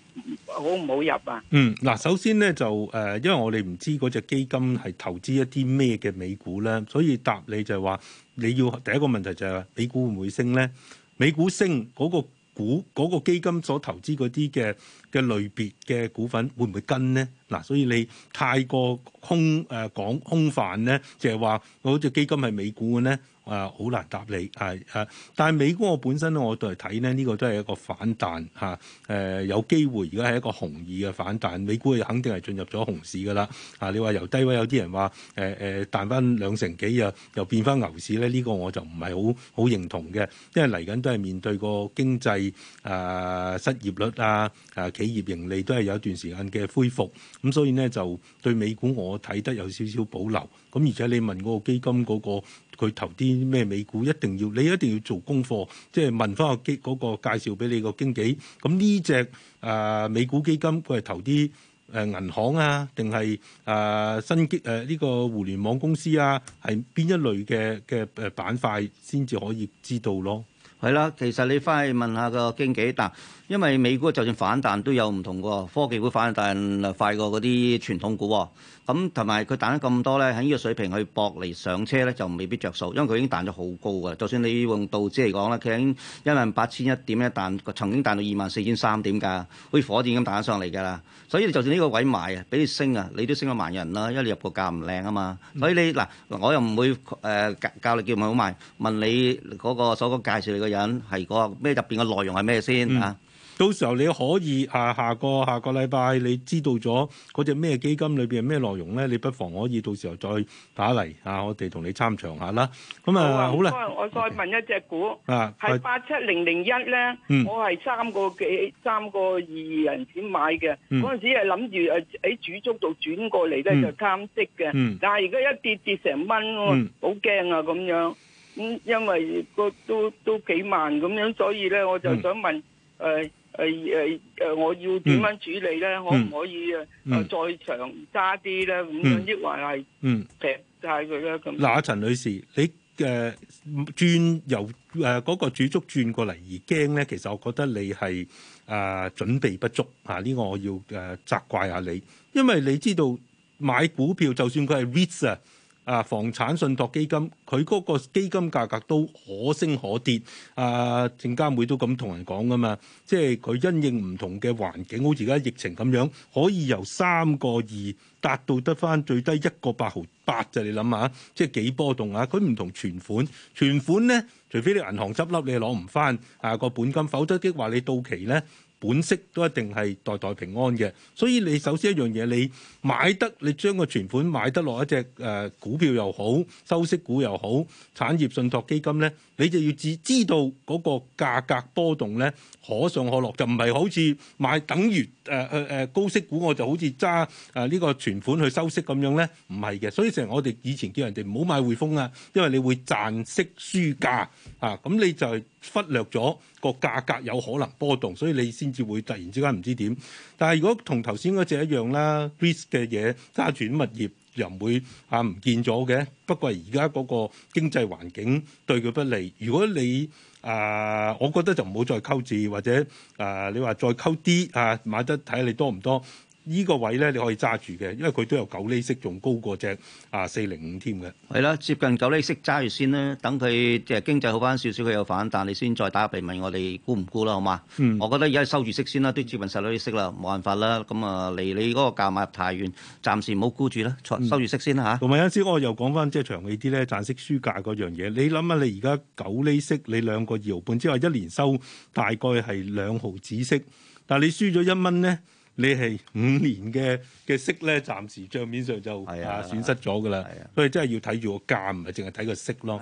好唔好入啊？嗯，嗱，首先咧就誒，因為我哋唔知嗰隻基金係投資一啲咩嘅美股咧，所以答你就話。你要第一個問題就係、是：美股會唔會升咧？美股升嗰個股嗰、那個、基金所投資嗰啲嘅嘅類別嘅股份會唔會跟咧？嗱、啊，所以你太過空誒講、呃、空泛咧，就係話嗰隻基金係美股嘅咧。啊！好難答你係啊，但係美股我本身我都係睇咧呢、這個都係一個反彈嚇。誒、啊啊、有機會而家係一個熊二嘅反彈，美股肯定係進入咗熊市噶啦。啊，你話由低位有啲人話誒誒彈翻兩成幾又又變翻牛市咧？呢、這個我就唔係好好認同嘅，因為嚟緊都係面對個經濟啊、失業率啊、啊企業盈利都係有一段時間嘅恢復咁，所以呢，就對美股我睇得有少少保留。咁而且你問嗰個基金嗰、那個。佢投啲咩美股一定要？你一定要做功課，即係問翻個基嗰個介紹俾你個經紀。咁呢隻啊美股基金佢係投啲誒、呃、銀行啊，定係啊新激呢、呃這個互聯網公司啊？係邊一類嘅嘅誒板塊先至可以知道咯？係啦，其實你翻去問下個經紀，嗱，因為美股就算反彈都有唔同喎，科技股反彈，快過嗰啲傳統股。咁同埋佢彈咗咁多咧，喺呢個水平去搏嚟上車咧，就未必着數，因為佢已經彈咗好高㗎。就算你用道指嚟講啦，佢已經一萬八千一點一彈，曾經彈到二萬四千三點㗎，好似火箭咁彈上嚟㗎啦。所以你就算呢個位買啊，俾你升啊，你都升咗萬人啦，因為你入個價唔靚啊嘛。所以你嗱、嗯，我又唔會誒、呃、教你叫咪好賣，問你嗰個所講介紹你個人係個咩入邊嘅內容係咩先啊？嗯到時候你可以下下個下個禮拜，你知道咗嗰隻咩基金裏邊係咩內容咧？你不妨可以到時候再打嚟啊！我哋同你參詳下啦。咁啊，好啦，我再問一隻股啊，係八七零零一咧，我係三個幾三個二銀錢買嘅，嗰陣時係諗住誒喺主足度轉過嚟咧就貪息嘅，但係而家一跌跌成蚊喎，好驚啊咁樣。咁因為個都都幾萬咁樣，所以咧我就想問。誒誒誒誒，我要點樣處理咧？嗯、可唔可以誒、呃、再長揸啲咧？咁、嗯、樣抑或係劈晒佢咧？咁嗱、啊，陳女士，你誒、呃、轉由誒嗰、呃那個儲蓄轉過嚟而驚咧，其實我覺得你係誒、呃、準備不足啊！呢、呢個我要誒責、呃、怪下你，因為你知道買股票就算佢係 rich 啊。啊，房產信託基金，佢嗰個基金價格都可升可跌。啊，證監會都咁同人講噶嘛，即係佢因應唔同嘅環境，好似而家疫情咁樣，可以由三個二達到得翻最低一個八毫八啫。你諗下，即係幾波動啊？佢唔同存款，存款呢，除非你銀行執笠，你攞唔翻啊個本金，否則的話你到期呢。本息都一定係代代平安嘅，所以你首先一樣嘢，你買得你將個存款買得落一隻誒、呃、股票又好，收息股又好，產業信託基金咧，你就要知知道嗰個價格波動咧，可上可落，就唔係好似買等於誒誒高息股，我就好似揸誒呢個存款去收息咁樣咧，唔係嘅。所以成日我哋以前叫人哋唔好買匯豐啊，因為你會賺息輸價啊，咁你就係忽略咗。個價格有可能波動，所以你先至會突然之間唔知點。但係如果同頭先嗰隻一樣啦，risk 嘅嘢揸住物業又唔會啊唔見咗嘅。不過而家嗰個經濟環境對佢不利。如果你啊，我覺得就唔好再溝字，或者啊，你話再溝啲啊，買得睇下你多唔多。依個位咧，你可以揸住嘅，因為佢都有九厘息，仲高過隻啊四零五添嘅。係啦，接近九厘息揸住先啦，等佢誒經濟好翻少少，佢有反彈，但你先再打入嚟問我哋沽唔沽啦，好嘛？嗯，我覺得而家收住息先啦，都接近十厘息啦，冇辦法啦。咁啊，離你嗰個價買入太遠，暫時唔好沽住啦，收住息先啦嚇。同埋有陣時，我又講翻即係長期啲咧，賺息輸價嗰樣嘢。你諗下，你而家九厘息，你兩個搖半之後，一年收大概係兩毫紙息，但係你輸咗一蚊咧。你係五年嘅嘅息咧，暫時帳面上就係損失咗㗎啦，啊啊啊啊啊、所以真係要睇住個價，唔係淨係睇個息咯。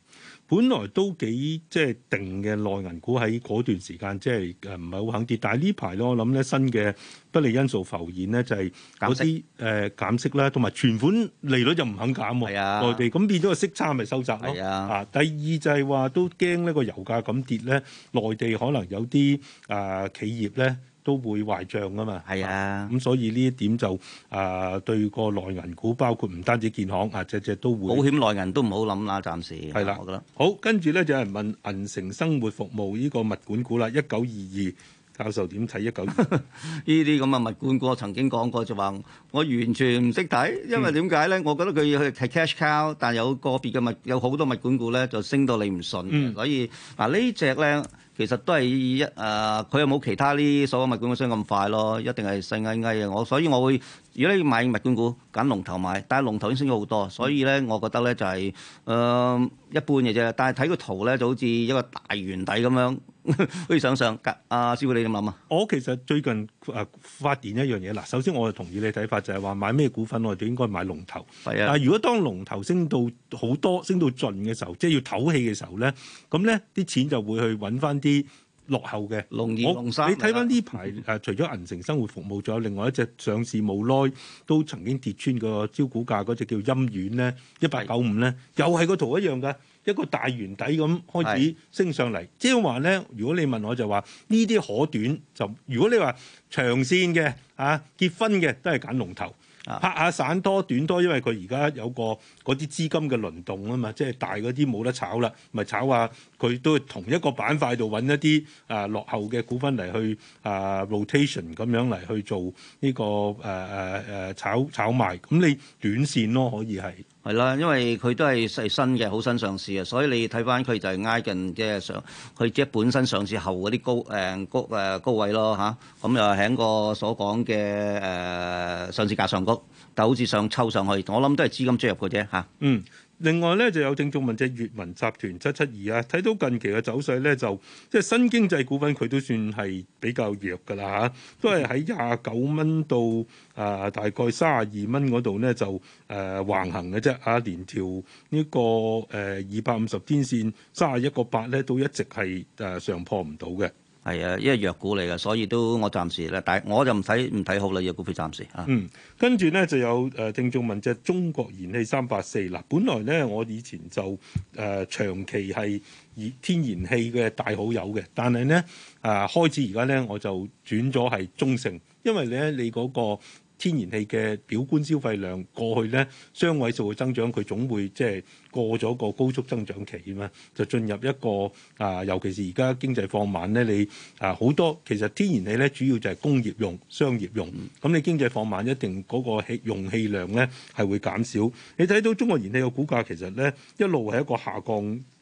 本來都幾即係定嘅內銀股喺嗰段時間即係誒，唔係好肯跌，但係呢排咧我諗咧新嘅不利因素浮現咧就係有啲誒，減息啦，同埋存款利率就唔肯減係，啊、內地咁變咗個息差咪收窄咯。啊，啊，第二就係話都驚呢個油價咁跌咧，內地可能有啲啊、呃、企業咧。都會壞帳啊嘛，係啊，咁、啊、所以呢一點就啊、呃、對個內銀股，包括唔單止健康，啊隻隻都會保險內銀都唔好諗啦，暫時係啦，好跟住咧就有、是、人問銀城生活服務呢個物管股啦，一九二二。教授點睇一九？呢啲咁嘅物管股，我曾經講過就話，我完全唔識睇，因為點解咧？我覺得佢要去睇 cash cow，但有個別嘅物有好多物管股咧就升到你唔順，所以嗱呢隻咧其實都係一誒，佢又冇其他啲所有物管股升咁快咯，一定係細㗎㗎。我所以我會，如果你買物管股，揀龍頭買，但係龍頭已經升咗好多，所以咧我覺得咧就係誒一般嘅啫。但係睇個圖咧就好似一個大圓底咁樣。可以想想噶，阿、 *laughs* 啊、師傅你咁諗啊？我其實最近誒發現一樣嘢啦。首先我係同意你睇法，就係、是、話買咩股份我哋應該買龍頭。係啊的。但係如果當龍頭升到好多升到盡嘅時候，即係要唞氣嘅時候咧，咁咧啲錢就會去揾翻啲落後嘅龍二龍三，你睇翻呢排誒，的除咗銀城生活服務，仲有另外一隻上市冇耐都曾經跌穿個招股價嗰隻叫鑫苑咧，一八九五咧，又係個圖一樣㗎。一個大圓底咁開始升上嚟，即係話咧。如果你問我就話呢啲可短就，如果你話長線嘅啊結婚嘅都係揀龍頭，拍下散多短多，因為佢而家有個嗰啲資金嘅輪動啊嘛，即係大嗰啲冇得炒啦，咪炒下佢都同一個板塊度揾一啲啊呃落後嘅股份嚟去啊呃 rotation 咁樣嚟去做呢個誒誒誒炒炒賣，咁你短線咯可以係。係啦，因為佢都係係新嘅，好新上市嘅，所以你睇翻佢就係挨近即係上，佢即係本身上市後嗰啲高誒、嗯、高誒、呃、高位咯嚇，咁又喺個所講嘅誒上市價上高，但好似想抽上去，我諗都係資金進入嘅啫嚇。嗯。嗯。另外咧，就有正眾問隻閱文集團七七二啊，睇到近期嘅走勢咧，就即係新經濟股份，佢都算係比較弱噶啦嚇，都係喺廿九蚊到啊、呃、大概卅二蚊嗰度咧，就誒、呃、橫行嘅啫。啊，連條呢、呢個誒二百五十天線卅一個八咧，都一直係誒、呃、上破唔到嘅。係啊，因為藥股嚟嘅，所以都我暫時咧，但係我就唔使唔睇好啦，藥股佢暫時嚇。啊、嗯，跟住咧就有誒鄭仲文隻中國燃氣三八四啦。本來咧我以前就誒、呃、長期係以天然氣嘅大好友嘅，但係咧啊開始而家咧我就轉咗係中性，因為咧你嗰、那個。天然氣嘅表觀消費量過去呢雙位數嘅增長，佢總會即係過咗個高速增長期嘛，就進入一個啊、呃，尤其是而家經濟放慢呢。你啊好、呃、多其實天然氣呢，主要就係工業用、商業用，咁你經濟放慢一定嗰個用氣量呢係會減少。你睇到中國燃氣嘅股價其實呢一路係一個下降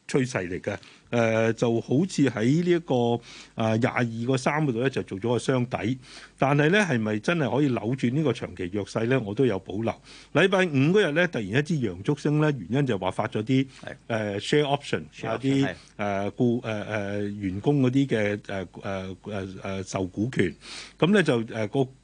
趨勢嚟嘅。誒就好似喺呢一個啊廿二個三嗰度咧，就做咗個箱底。但係咧，係咪真係可以扭轉呢個長期弱勢咧？我都有保留。禮拜五嗰日咧，突然一支陽燭升咧，原因就話發咗啲誒 share option，有啲誒僱誒誒員工嗰啲嘅誒誒誒誒受股權。咁咧就誒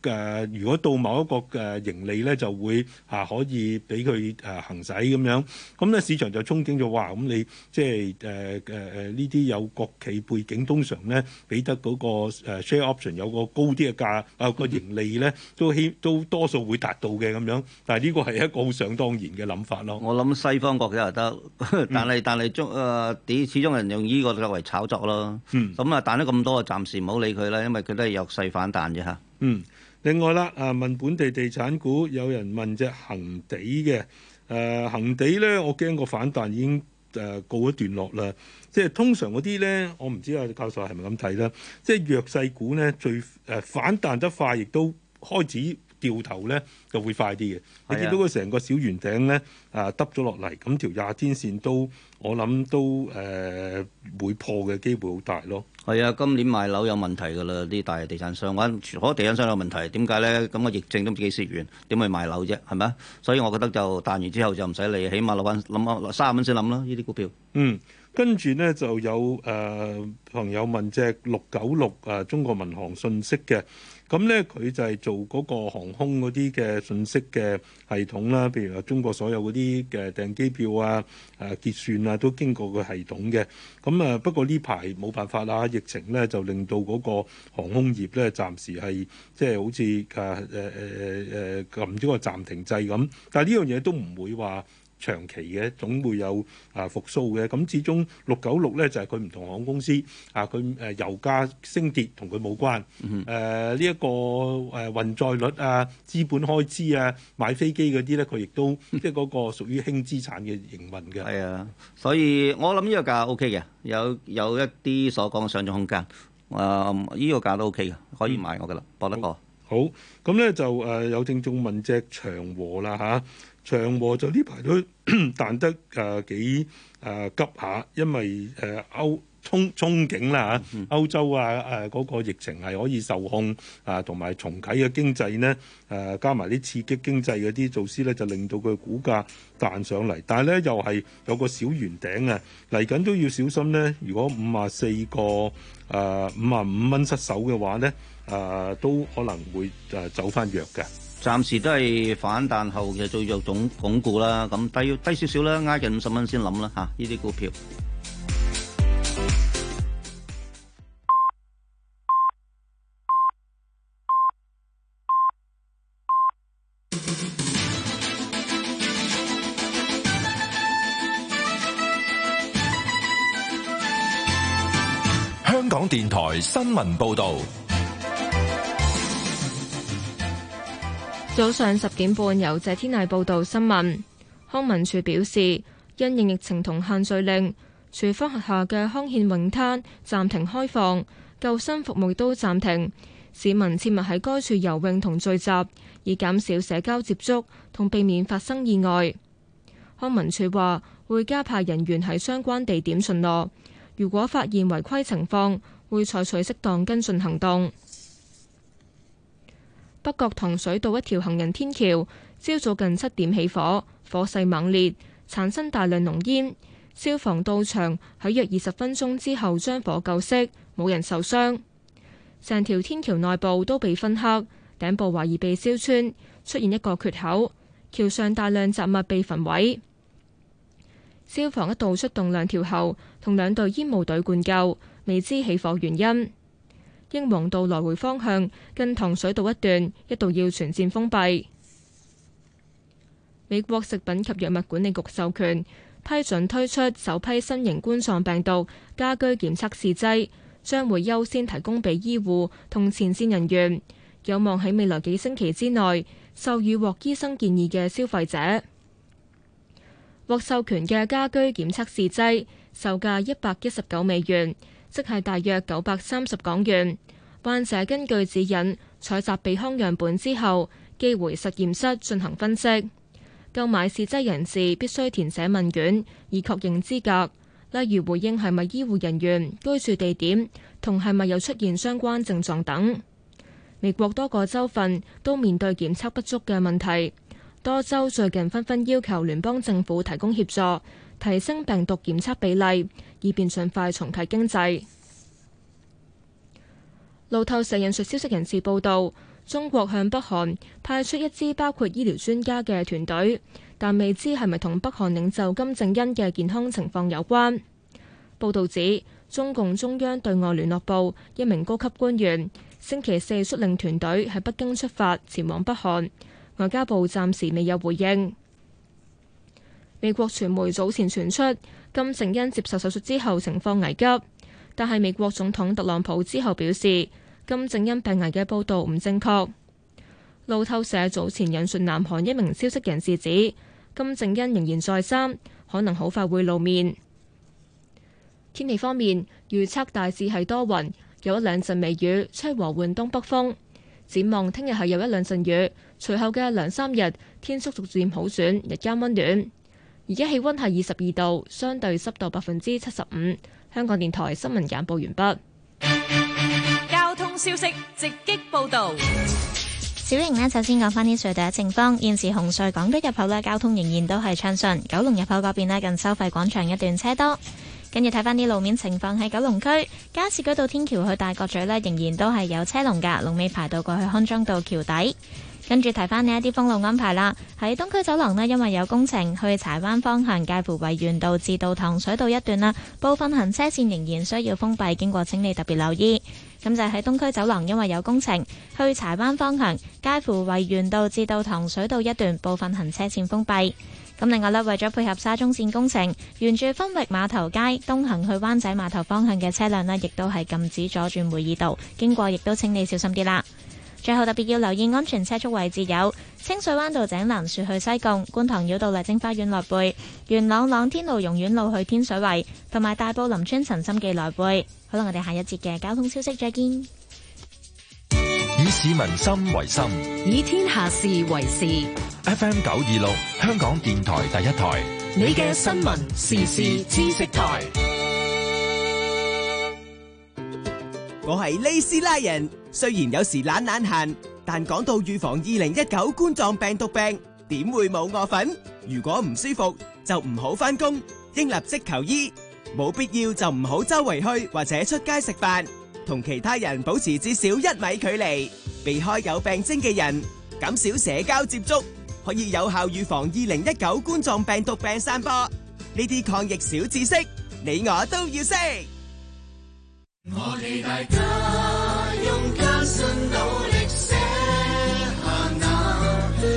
個誒，如果到某一個誒盈利咧，就會嚇可以俾佢誒行使咁樣。咁咧市場就憧憬咗話咁你即係誒誒。誒呢啲有國企背景，通常咧俾得嗰、那個、呃、share option 有個高啲嘅價啊、呃、個盈利咧都希都多數會達到嘅咁樣，但係呢個係一個好想當然嘅諗法咯。我諗西方國企又得，但係但係中誒始終人用呢個作為炒作咯。嗯，咁啊彈咗咁多，暫時唔好理佢啦，因為佢都係弱勢反彈啫嚇。嗯，另外啦啊問本地地產股，有人問隻恒地嘅誒恆地咧、啊，我驚個反彈已經。誒告一段落啦，即係通常嗰啲咧，我唔知阿教授係咪咁睇啦，即係弱勢股咧最誒、呃、反彈得快，亦都開始。掉頭咧就會快啲嘅，你見到佢成個小圓頂咧啊耷咗落嚟，咁條廿天線都我諗都誒、呃、會破嘅機會好大咯。係啊，今年賣樓有問題㗎啦，啲大地產商，我啲地產商有問題，點解咧？咁個疫症都唔知幾時完，點去賣樓啫？係咪啊？所以我覺得就彈完之後就唔使理，起碼落翻諗下卅蚊先諗啦，呢啲股票。嗯，跟住咧就有誒、呃、朋友問隻六九六啊，中國民航信息嘅。咁呢，佢、嗯、就係做嗰個航空嗰啲嘅信息嘅系統啦，譬如話中國所有嗰啲嘅訂機票啊、誒、啊、結算啊，都經過個系統嘅。咁、嗯、啊，不過呢排冇辦法啦，疫情呢，就令到嗰個航空業呢，暫時係即係好似啊誒誒誒誒撳咗個暫停制咁。但係呢樣嘢都唔會話。長期嘅總會有啊復甦嘅，咁始終六九六咧就係佢唔同航空公司啊，佢誒油價升跌同佢冇關，誒呢一個誒運載率啊、資本開支啊、買飛機嗰啲咧，佢亦都即係嗰個屬於輕資產嘅營運嘅。係啊，所以我諗呢個價 O K 嘅，有有一啲所講嘅上漲空間。誒、嗯，呢、呢個價都 O K 嘅，可以買我嘅啦，博得過。好，咁咧就誒有正眾問隻長和啦嚇。長和就呢排都彈 *coughs* 得誒、呃、幾誒、呃、急下，因為誒、呃、歐憧憧憬啦嚇，歐洲啊誒嗰、呃那個疫情係可以受控啊，同、呃、埋重啓嘅經濟咧誒、呃，加埋啲刺激經濟嗰啲措施咧，就令到佢股價彈上嚟。但係咧又係有個小圓頂啊，嚟緊都要小心咧。如果五啊四個誒五啊五蚊失守嘅話咧，誒、呃、都可能會誒、呃、走翻弱嘅。暫時都係反彈後嘅再做總鞏固啦，咁低低少少啦，挨近五十蚊先諗啦嚇，呢、啊、啲股票。香港電台新聞報導。早上十點半，由謝天麗報道新聞。康文署表示，因應疫情同限聚令，荃灣轄下嘅康健泳灘暫停開放，救生服務都暫停。市民切勿喺該處游泳同聚集，以減少社交接觸同避免發生意外。康文署話會加派人員喺相關地點巡邏，如果發現違規情況，會採取適當跟進行動。北角糖水道一條行人天橋，朝早近七點起火，火勢猛烈，產生大量濃煙。消防到場，喺約二十分鐘之後將火救熄，冇人受傷。成條天橋內部都被熏黑，頂部懷疑被燒穿，出現一個缺口。橋上大量雜物被焚毀。消防一度出動兩條喉，同兩隊煙霧隊灌救，未知起火原因。英皇道來回方向，近糖水道一段一度要全線封閉。美國食品及藥物管理局授權批准推出首批新型冠狀病毒家居檢測試劑，將會優先提供俾醫護同前線人員，有望喺未來幾星期之內授予獲醫生建議嘅消費者。獲授權嘅家居檢測試劑，售價一百一十九美元。即係大約九百三十港元。患者根據指引採集鼻腔樣本之後，寄回實驗室進行分析。購買試劑人士必須填寫問卷以確認資格，例如回應係咪醫護人員、居住地點同係咪有出現相關症狀等。美國多個州份都面對檢測不足嘅問題，多州最近紛紛要求聯邦政府提供協助，提升病毒檢測比例。以便盡快重啟經濟。路透社引述消息人士報道，中國向北韓派出一支包括醫療專家嘅團隊，但未知係咪同北韓領袖金正恩嘅健康情況有關。報道指，中共中央對外聯絡部一名高級官員星期四率領團隊喺北京出發前往北韓，外交部暫時未有回應。美國傳媒早前傳出。金正恩接受手術之後情況危急，但係美國總統特朗普之後表示，金正恩病危嘅報道唔正確。路透社早前引述南韓一名消息人士指，金正恩仍然在生，可能好快會露面。天氣方面，預測大致係多雲，有一兩陣微雨，吹和緩東北風。展望聽日係有一兩陣雨，隨後嘅兩三日天色逐漸好轉，日間温暖。而家氣溫係二十二度，相對濕度百分之七十五。香港電台新聞簡報完畢。交通消息直擊報道。小瑩呢，首先講翻啲隧道嘅情況。現時紅隧港島入口呢，交通仍然都係暢順。九龍入口嗰邊呢，近收費廣場一段車多。跟住睇翻啲路面情況，喺九龍區，加士居道天橋去大角咀呢，仍然都係有車龍噶，龍尾排到過去康莊道橋底。跟住提翻呢一啲封路安排啦，喺東區走廊呢，因為有工程去柴灣方向，介乎維園道至道糖水道一段啦，部分行車線仍然需要封閉，經過請你特別留意。咁就喺東區走廊，因為有工程去柴灣方向，介乎維園道至道糖水道一段，部分行，行車線封閉。咁另外咧，為咗配合沙中線工程，沿住分域碼頭街東行去灣仔碼頭方向嘅車輛呢，亦都係禁止左轉會議道，經過亦都請你小心啲啦。最後特別要留意安全車速位置有清水灣道井欄樹去西貢、觀塘繞道麗晶花園內貝、元朗朗天路榕苑路去天水圍，同埋大埔林村陳心記內貝。好啦，我哋下一節嘅交通消息再見。以市民心為心，以天下事為事。FM 九二六，香港電台第一台，你嘅新聞時事知識台。我係李斯拉人。雖然有時懶懶閒，但講到預防二零一九冠狀病毒病，點會冇我份？如果唔舒服就唔好翻工，應立即求醫。冇必要就唔好周圍去或者出街食飯，同其他人保持至少一米距離，避開有病徵嘅人，減少社交接觸，可以有效預防二零一九冠狀病毒病散播。呢啲抗疫小知識，你我都要識。我哋大家。用啊，不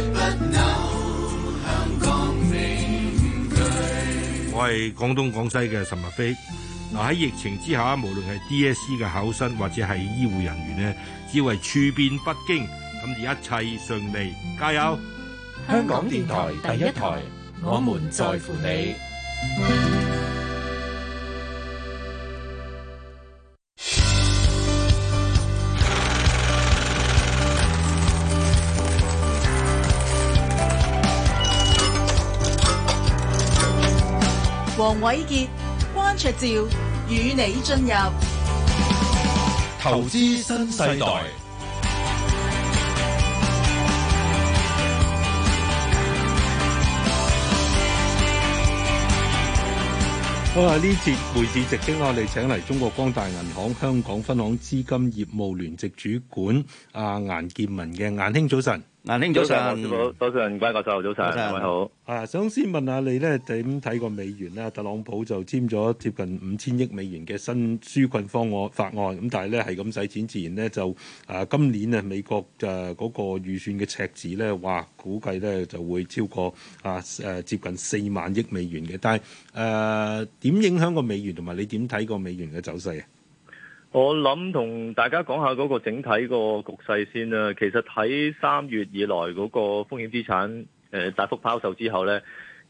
香港我係廣東廣西嘅岑日飛，嗱，喺疫情之下，無論係 D S C 嘅考生或者係醫護人員呢只為處變不驚，咁而一切順利，加油！香港電台第一台，嗯，我們在乎你。嗯黃瑋傑、關焯照與你進入投資新世代。好啦，呢節兩會直擊，我哋請嚟中國光大銀行香港分行資金業務聯席主管阿顏建文嘅顏兄，早晨。兄，早上好，早晨上，早晨上，關教授，早晨上，你好。啊，想先問下你咧，點睇個美元咧？特朗普就簽咗接近五千億美元嘅新紓困方案法案，咁但係咧係咁使錢呢，自然咧就啊今年啊美國就嗰、啊那個預算嘅赤字咧，話估計咧就會超過啊誒、啊、接近四萬億美元嘅。但係誒點影響個美元，同埋你點睇個美元嘅走勢啊？我諗同大家講下嗰個整體個局勢先啦、啊。其實喺三月以來嗰個風險資產誒、呃、大幅拋售之後呢，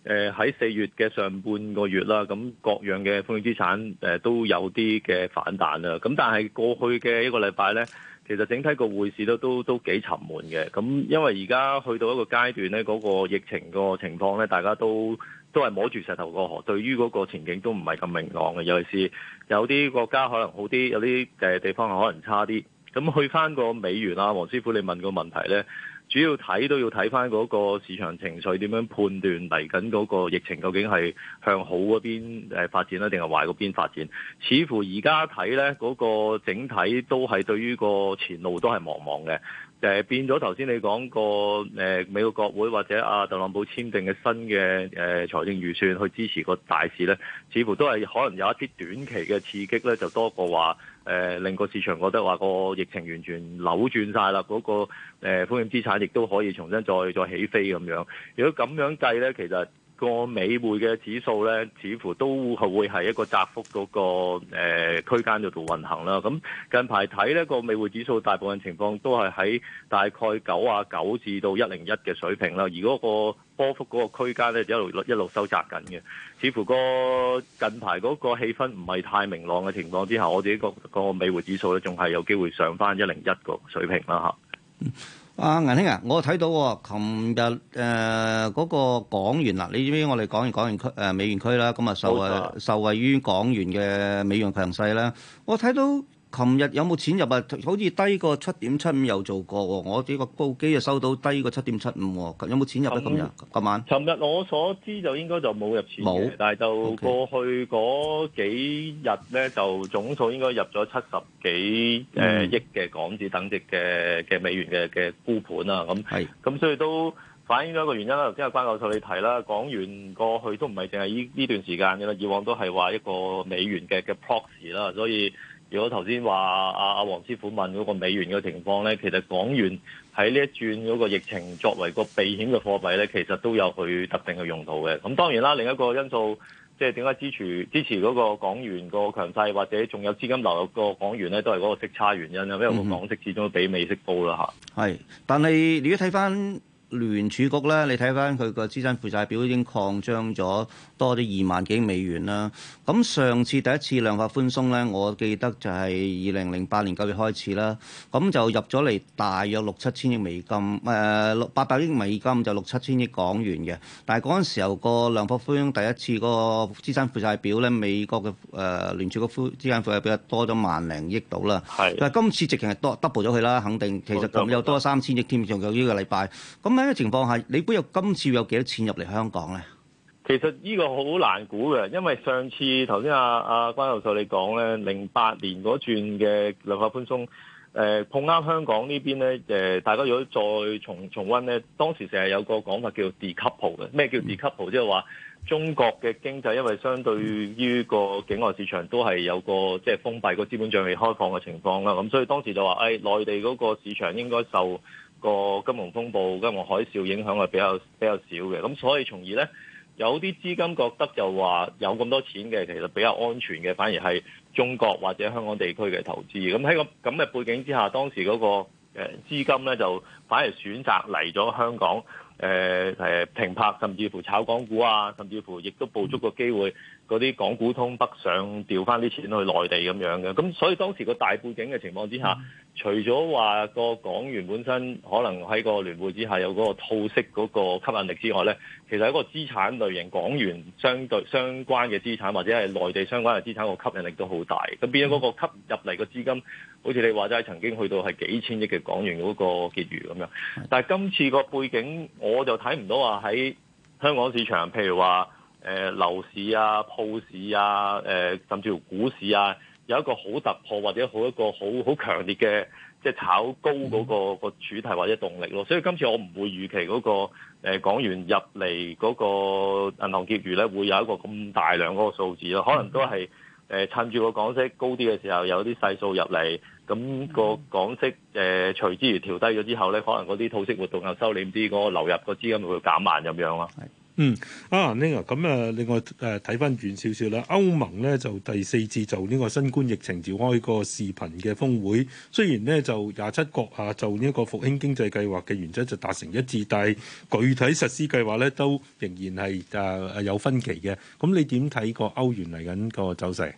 誒喺四月嘅上半個月啦，咁各樣嘅風險資產誒都有啲嘅反彈啦。咁但係過去嘅一個禮拜呢，其實整體個匯市都都都幾沉悶嘅。咁因為而家去到一個階段呢，嗰、那個疫情個情況呢，大家都，都係摸住石頭過河，對於嗰個前景都唔係咁明朗嘅。尤其是有啲國家可能好啲，有啲誒地方可能差啲。咁去翻個美元啊，黃師傅你問個問題呢，主要睇都要睇翻嗰個市場情緒點樣判斷嚟緊嗰個疫情究竟係向好嗰邊誒發展啦，定係壞嗰邊發展？似乎而家睇呢，嗰個整體都係對於個前路都係茫茫嘅。誒變咗頭先你講個誒美國國會或者阿特朗普簽訂嘅新嘅誒財政預算去支持個大市咧，似乎都係可能有一啲短期嘅刺激咧，就多過話誒令個市場覺得話個疫情完全扭轉晒啦，嗰個誒風險資產亦都可以重新再再起飛咁樣。如果咁樣計咧，其實。個美匯嘅指數咧，似乎都係會係一個窄幅嗰、那個誒、呃、區間度度運行啦。咁近排睇呢個美匯指數，大部分情況都係喺大概九啊九至到一零一嘅水平啦。而嗰個波幅嗰個區間咧，就一路一路收窄緊嘅。似乎個近排嗰個氣氛唔係太明朗嘅情況之下，我自己覺、那個美匯指數咧，仲係有機會上翻一零一個水平啦嚇。啊，銀兄啊，我睇到、哦，琴日誒嗰個港元啦、啊，你知唔知我哋港元、港元區誒美元區啦，咁啊受惠啊受惠於港元嘅美元強勢啦，我睇到。琴日有冇錢入啊？好似低過七點七五又做過喎。我呢個報機啊，收到低過七點七五喎。有冇錢入啊？琴日、琴晚。琴日我所知就應該就冇入錢嘅，但係就過去嗰幾日咧，就總數應該入咗七十幾誒億嘅港紙等值嘅嘅美元嘅嘅沽盤啦。咁咁所以都反映咗一個原因啦。頭先阿關教授你提啦，港元過去都唔係淨係呢呢段時間嘅啦，以往都係話一個美元嘅嘅 proxy 啦，所以。如果頭先話阿阿黃師傅問嗰個美元嘅情況咧，其實港元喺呢一轉嗰個疫情作為個避險嘅貨幣咧，其實都有佢特定嘅用途嘅。咁當然啦，另一個因素即係點解支持支持嗰個港元個強勢，或者仲有資金流入個港元咧，都係嗰個息差原因啦。因為個港息始終都比美息高啦嚇。係，但係如果你睇翻。聯儲局咧，你睇翻佢個資產負債表已經擴張咗多啲二萬幾億美元啦。咁上次第一次量化寬鬆咧，我記得就係二零零八年九月開始啦。咁就入咗嚟大約六七千億美金，誒八百億美金就六七千億港元嘅。但係嗰陣時候個量化寬鬆第一次個資產負債表咧，美國嘅誒、呃、聯儲嘅負資產負債表多咗萬零億到啦。係是，但係今次直情係多 double 咗佢啦，肯定其實咁有多三千億添，仲有呢個禮拜咁。喺呢個情況下，你估有今次有幾多錢入嚟香港咧？其實呢個好難估嘅，因為上次頭先阿阿關教授你講咧，零八年嗰轉嘅量化寬鬆，誒、呃、碰啱香港呢邊咧，誒、呃、大家如果再重重溫咧，當時成日有個講法叫 decouple 嘅，咩叫 decouple？即係話中國嘅經濟因為相對於個境外市場都係有個即係、就是、封閉、個資本帳未開放嘅情況啦，咁所以當時就話誒、哎、內地嗰個市場應該受。個金融風暴、金融海嘯影響係比較比較少嘅，咁所以從而呢，有啲資金覺得就話有咁多錢嘅，其實比較安全嘅，反而係中國或者香港地區嘅投資。咁喺個咁嘅背景之下，當時嗰個誒資金呢，就反而選擇嚟咗香港誒誒、呃、停泊，甚至乎炒港股啊，甚至乎亦都捕捉個機會。嗰啲港股通北上調翻啲錢去內地咁樣嘅，咁所以當時個大背景嘅情況之下，嗯、除咗話個港元本身可能喺個聯匯之下有嗰個套息嗰個吸引力之外咧，其實一個資產類型港元相對相關嘅資產或者係內地相關嘅資產個吸引力都好大，咁變咗嗰個吸入嚟嘅資金，好似你話齋曾經去到係幾千億嘅港元嗰個結餘咁樣，但係今次個背景我就睇唔到話喺香港市場譬如話。誒、呃、樓市啊、鋪市啊、誒、呃、甚至乎股市啊，有一個好突破或者好一個好好強烈嘅，即係炒高嗰、個個主題或者動力咯。所以今次我唔會預期嗰、個、呃、港元入嚟嗰個銀行結餘咧，會有一個咁大量嗰個數字咯。可能都係誒、呃、趁住個港息高啲嘅時候，有啲細數入嚟，咁、個港息誒隨、呃、之而調低咗之後咧，可能嗰啲套息活動又收斂啲，嗰、個流入個資金會減慢咁樣咯。嗯，啊，Link 咁啊，另外誒，睇翻遠少少啦。歐盟咧就第四次就呢個新冠疫情召開個視頻嘅峰會，雖然咧就廿七國啊，就呢個復興經濟計劃嘅原則就達成一致，但係具體實施計劃咧都仍然係誒誒有分歧嘅。咁你點睇個歐元嚟緊個走勢？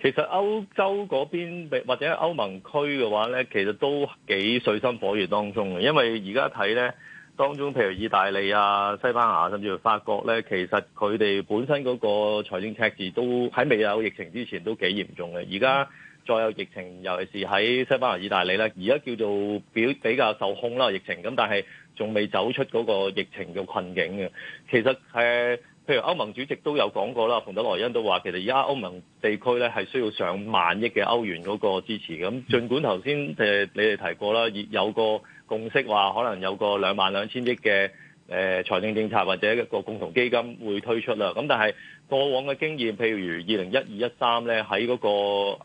其實歐洲嗰邊或者歐盟區嘅話咧，其實都幾水深火熱當中嘅，因為而家睇咧。當中譬如意大利啊、西班牙甚至乎法國呢，其實佢哋本身嗰個財政赤字都喺未有疫情之前都幾嚴重嘅。而家再有疫情，尤其是喺西班牙、意大利呢，而家叫做比比較受控啦疫情，咁但係仲未走出嗰個疫情嘅困境嘅。其實誒，譬如歐盟主席都有講過啦，馮德萊恩都話其實而家歐盟地區呢係需要上萬億嘅歐元嗰個支持。咁儘管頭先誒你哋提過啦，有個共識話可能有個兩萬兩千億嘅誒財政政策或者一個共同基金會推出啦，咁但係過往嘅經驗，譬如二零一二一三咧，喺嗰個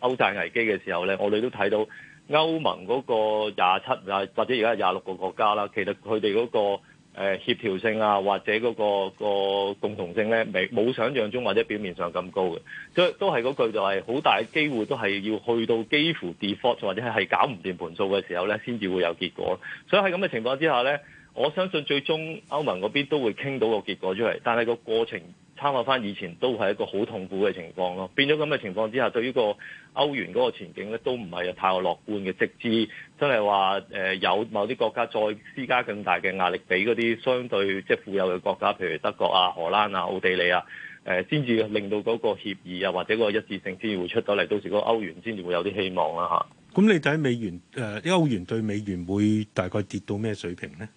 歐債危機嘅時候咧，我哋都睇到歐盟嗰個廿七啊或者而家係廿六個國家啦，其實佢哋嗰個。誒協調性啊，或者嗰、個個共同性咧，未冇想像中或者表面上咁高嘅，所以都係嗰句就係、係、好大機會都係要去到幾乎 default 或者係搞唔掂盤數嘅時候咧，先至會有結果。所以喺咁嘅情況之下咧，我相信最終歐盟嗰邊都會傾到個結果出嚟，但係個過程，參考翻以前都係一個好痛苦嘅情況咯，變咗咁嘅情況之下，對於個歐元嗰個前景咧都唔係太過樂觀嘅。直至真係話誒有某啲國家再施加更大嘅壓力，俾嗰啲相對即係富有嘅國家，譬如德國啊、荷蘭啊、奧地利啊，誒先至令到嗰個協議啊或者個一致性先至會出到嚟，到時嗰個歐元先至會有啲希望啦、啊、嚇。咁、嗯、你睇美元誒、呃、歐元對美元會大概跌到咩水平咧？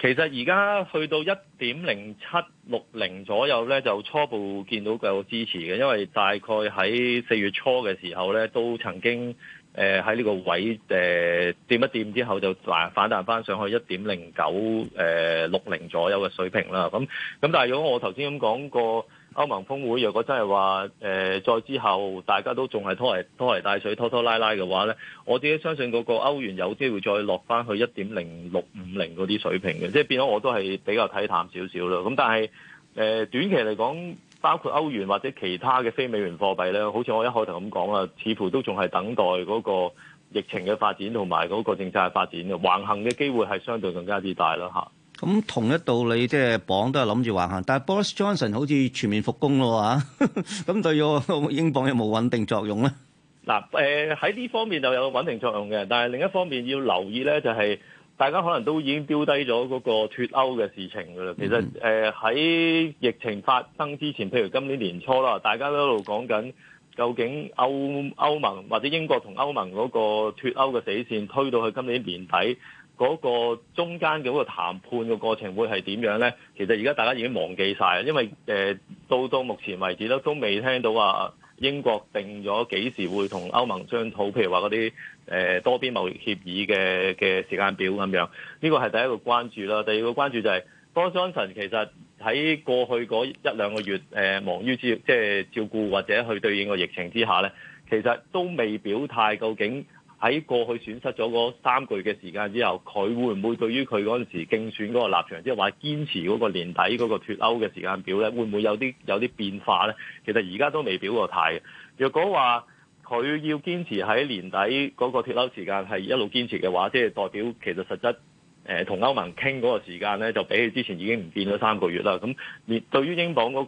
其實而家去到一點零七六零左右咧，就初步見到佢有支持嘅，因為大概喺四月初嘅時候咧，都曾經誒喺呢個位誒掂一掂之後就反彈翻上去一點零九誒六零左右嘅水平啦。咁咁但係如果我頭先咁講過，歐盟峰會若果真係話，誒、呃、再之後大家都仲係拖泥拖泥帶水拖拖拉拉嘅話咧，我自己相信嗰個歐元有機會再落翻去一點零六五零嗰啲水平嘅，即係變咗我都係比較睇淡少少咯。咁但係誒短期嚟講，包括歐元或者其他嘅非美元貨幣咧，好似我一開頭咁講啊，似乎都仲係等待嗰個疫情嘅發展同埋嗰個政策嘅發展嘅橫行嘅機會係相對更加之大啦嚇。咁同一道理，即係榜都係諗住橫行，但係 Boris Johnson 好似全面復工咯喎，咁、啊、 *laughs* 對我英鎊有冇穩定作用咧？嗱、呃，誒喺呢方面就有穩定作用嘅，但係另一方面要留意咧，就係、是、大家可能都已經丟低咗嗰個脱歐嘅事情㗎啦。其實誒喺、呃、疫情發生之前，譬如今年年初啦，大家都一路講緊究竟歐歐盟或者英國同歐盟嗰個脱歐嘅死線推到去今年年底。嗰個中間嘅嗰個談判嘅過程會係點樣呢？其實而家大家已經忘記晒啊，因為誒到到目前為止咧都未聽到話英國定咗幾時會同歐盟商討，譬如話嗰啲誒多邊貿易協議嘅嘅時間表咁樣。呢個係第一個關注啦。第二個關注就係 Donald Trump 其實喺過去嗰一兩個月誒忙於照即係照顧或者去對應個疫情之下呢，其實都未表態究竟。喺過去損失咗嗰三個月嘅時間之後，佢會唔會對於佢嗰陣時競選嗰個立場，即係話堅持嗰個年底嗰個脫歐嘅時間表咧，會唔會有啲有啲變化咧？其實而家都未表個態嘅。若果話佢要堅持喺年底嗰個脫歐時間係一路堅持嘅話，即係代表其實實質誒同歐盟傾嗰個時間咧，就比起之前已經唔變咗三個月啦。咁，對於英鎊嗰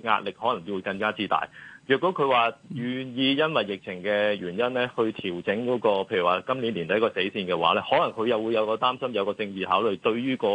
個壓力可能就會更加之大。如果佢話願意因為疫情嘅原因咧，去調整嗰、那個，譬如話今年年底個死線嘅話咧，可能佢又會有個擔心，有個政治考慮，對於個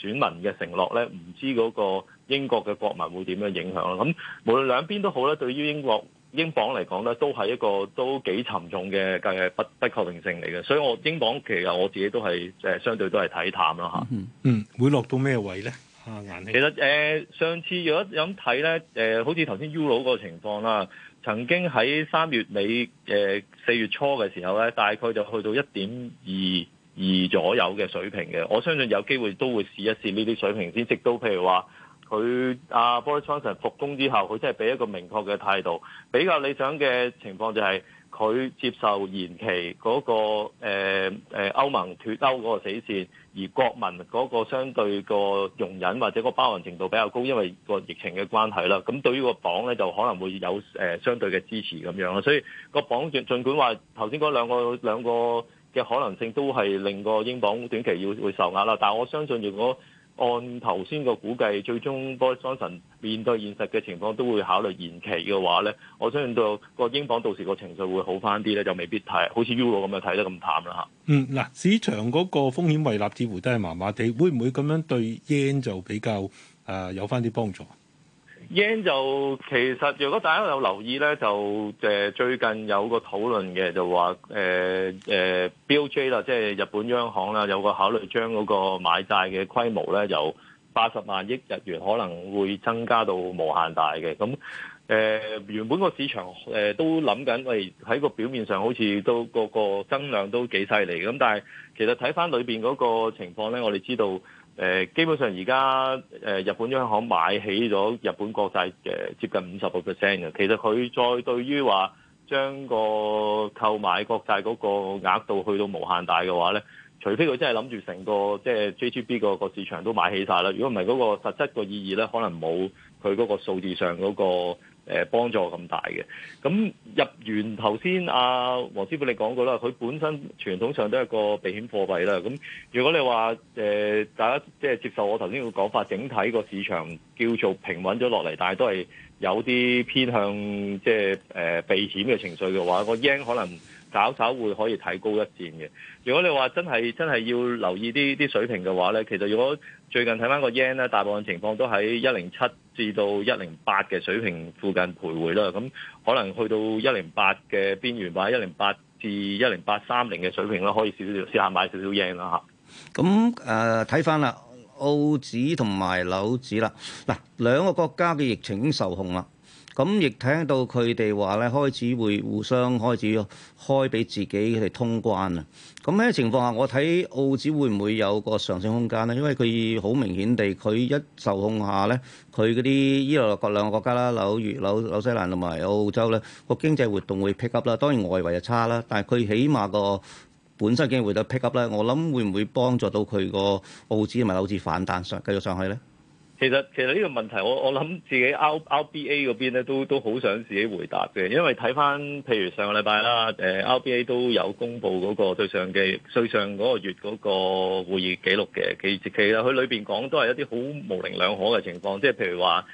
選民嘅承諾咧，唔知嗰個英國嘅國民會點樣影響咯。咁無論兩邊都好咧，對於英國英鎊嚟講咧，都係一個都幾沉重嘅嘅不不確定性嚟嘅。所以我英鎊其實我自己都係誒、呃，相對都係睇淡啦嚇。嗯嗯，會落到咩位咧？其實誒、呃、上次如果咁睇咧，誒、呃、好似頭先歐羅個情況啦，曾經喺三月尾誒四月初嘅時候咧，大概就去到一點二二左右嘅水平嘅。我相信有機會都會試一試呢啲水平先，直到譬如話佢阿 Boris Johnson 復工之後，佢真係俾一個明確嘅態度。比較理想嘅情況就係佢接受延期嗰、那個誒誒、呃、歐盟脫歐嗰個死線。而國民嗰個相對個容忍或者個包容程度比較高，因為個疫情嘅關係啦，咁對於個鎊咧就可能會有誒、呃、相對嘅支持咁樣啦，所以個鎊儘儘管話頭先嗰兩個兩個嘅可能性都係令個英鎊短期要會受壓啦，但係我相信如果，按頭先個估計，最終 Boris Johnson 面對現實嘅情況都會考慮延期嘅話咧，我相信到個英鎊到時個情緒會好翻啲咧，就未必睇好似 Euro 咁樣睇得咁淡啦嚇。嗯，嗱，市場嗰個風險位立似乎都係麻麻地，會唔會咁樣對 Yen 就比較誒、呃、有翻啲幫助？yen 就其實，如果大家有留意咧，就誒、呃、最近有個討論嘅，就話誒誒，BOJ 啦，呃呃、J，即係日本央行啦，有個考慮將嗰個買債嘅規模咧，由八十萬億日元可能會增加到無限大嘅。咁誒、呃、原本個市場誒、呃、都諗緊，喂、呃、喺個表面上好似都個個增量都幾犀利嘅。咁但係其實睇翻裏邊嗰個情況咧，我哋知道。誒、呃、基本上而家誒日本央行買起咗日本國債嘅接近五十個 percent 嘅，其實佢再對於話將個購買國債嗰個額度去到無限大嘅話咧，除非佢真係諗住成個即係 JGB 個個市場都買起晒啦，如果唔係嗰個實質個意義咧，可能冇佢嗰個數字上嗰、那個。誒幫助咁大嘅，咁日元頭先阿黃師傅你講過啦，佢本身傳統上都係個避險貨幣啦。咁如果你話誒、呃、大家即係接受我頭先嘅講法，整體個市場叫做平穩咗落嚟，但係都係有啲偏向即係誒、呃、避險嘅情緒嘅話，我驚可能，稍稍會可以睇高一線嘅。如果你話真係真係要留意啲啲水平嘅話咧，其實如果最近睇翻個 yen 咧，大部分情況都喺一零七至到一零八嘅水平附近徘徊啦。咁可能去到一零八嘅邊緣或者一零八至一零八三零嘅水平啦，可以少少試下，試下買少少 yen 啦嚇。咁誒睇翻啦，呃、澳紙同埋紐紙啦，嗱兩個國家嘅疫情已經受控啦。咁亦聽到佢哋話咧，開始會互相開始開俾自己佢哋通關啊！咁喺情況下，我睇澳紙會唔會有個上升空間咧？因為佢好明顯地，佢一受控下咧，佢嗰啲伊度各兩個國家啦，紐、紐、紐西蘭同埋澳洲咧，個經濟活動會 pick up 啦。當然外圍就差啦，但係佢起碼個本身經濟活動會 pick up 咧，我諗會唔會幫助到佢個澳紙同埋紐紙反彈上繼續上去咧？其實其實呢個問題，我我諗自己 R RBA 嗰邊咧，都都好想自己回答嘅，因為睇返譬如上個禮拜啦，誒、呃、RBA 都有公布嗰個最上嘅最上嗰個月嗰個會議記錄嘅，其其實佢裏邊講都係一啲好模棱兩可嘅情況，即係譬如話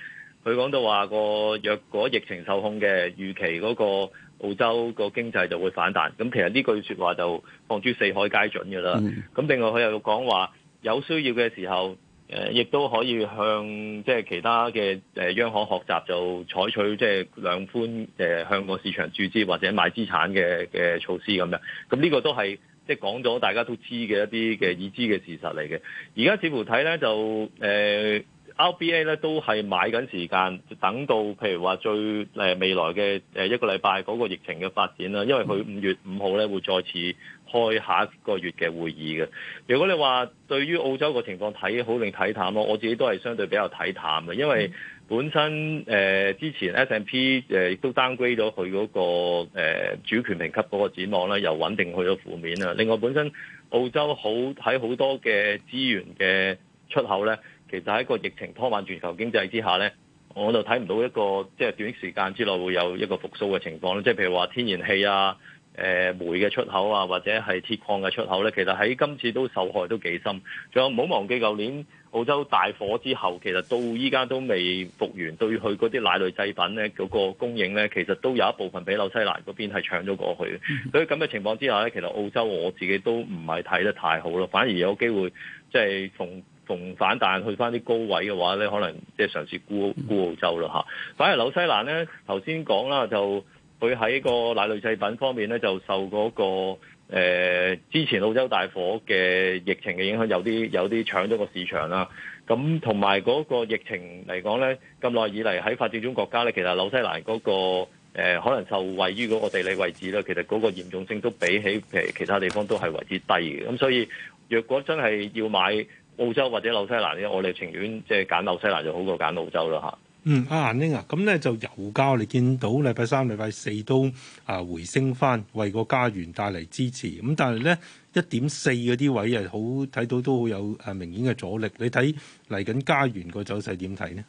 佢講到話個若果疫情受控嘅預期，嗰個澳洲個經濟就會反彈，咁其實呢句説話就放諸四海皆準㗎喇。咁另外佢又講話有需要嘅時候。誒，亦都可以向即係其他嘅誒央行學習，就採取即係量寬誒向個市場注資或者買資產嘅嘅措施咁樣。咁呢個都係即係講咗大家都知嘅一啲嘅已知嘅事實嚟嘅。而家似乎睇咧就誒，RBA 咧都係買緊時間，等到譬如話最誒未來嘅誒一個禮拜嗰個疫情嘅發展啦，因為佢五月五號咧會再次開下一個月嘅會議嘅。如果你話對於澳洲個情況睇好定睇淡咯，我自己都係相對比較睇淡嘅，因為本身誒、呃、之前 S&P 誒、呃、亦都 downgrade 咗佢嗰個、呃、主權評級嗰個展望啦，又穩定去咗負面啦。另外本身澳洲好喺好多嘅資源嘅出口咧，其實喺個疫情拖慢全球經濟之下咧，我就睇唔到一個即係短時間之內會有一個復甦嘅情況，即係譬如話天然氣啊。誒、呃、煤嘅出口啊，或者係鐵礦嘅出口咧，其實喺今次都受害都幾深。仲有唔好忘記，舊年澳洲大火之後，其實到依家都未復原，對佢嗰啲奶類製品咧嗰、嗰個供應咧，其實都有一部分俾紐西蘭嗰邊係搶咗過去嘅。所以咁嘅情況之下咧，其實澳洲我自己都唔係睇得太好咯，反而有機會即係逢逢反彈去翻啲高位嘅話咧，可能即係嘗試沽沽澳洲咯嚇。反而紐西蘭咧，頭先講啦就。佢喺個奶類製品方面咧，就受嗰個、呃、之前澳洲大火嘅疫情嘅影響，有啲有啲搶咗個市場啦。咁同埋嗰個疫情嚟講咧，咁耐以嚟喺發展中國家咧，其實紐西蘭嗰個、呃、可能受位於嗰個地理位置咧，其實嗰個嚴重性都比起誒其他地方都係為之低嘅。咁、啊、所以，若果真係要買澳洲或者紐西蘭咧，我哋情願即係揀紐西蘭就好過揀澳洲啦嚇。啊嗯，阿晏英啊，咁咧就油價，我哋見到禮拜三、禮拜四都啊回升翻，為個加元帶嚟支持。咁但係咧一點四嗰啲位啊，好睇到都好有啊明顯嘅阻力。你睇嚟緊加元個走勢點睇咧？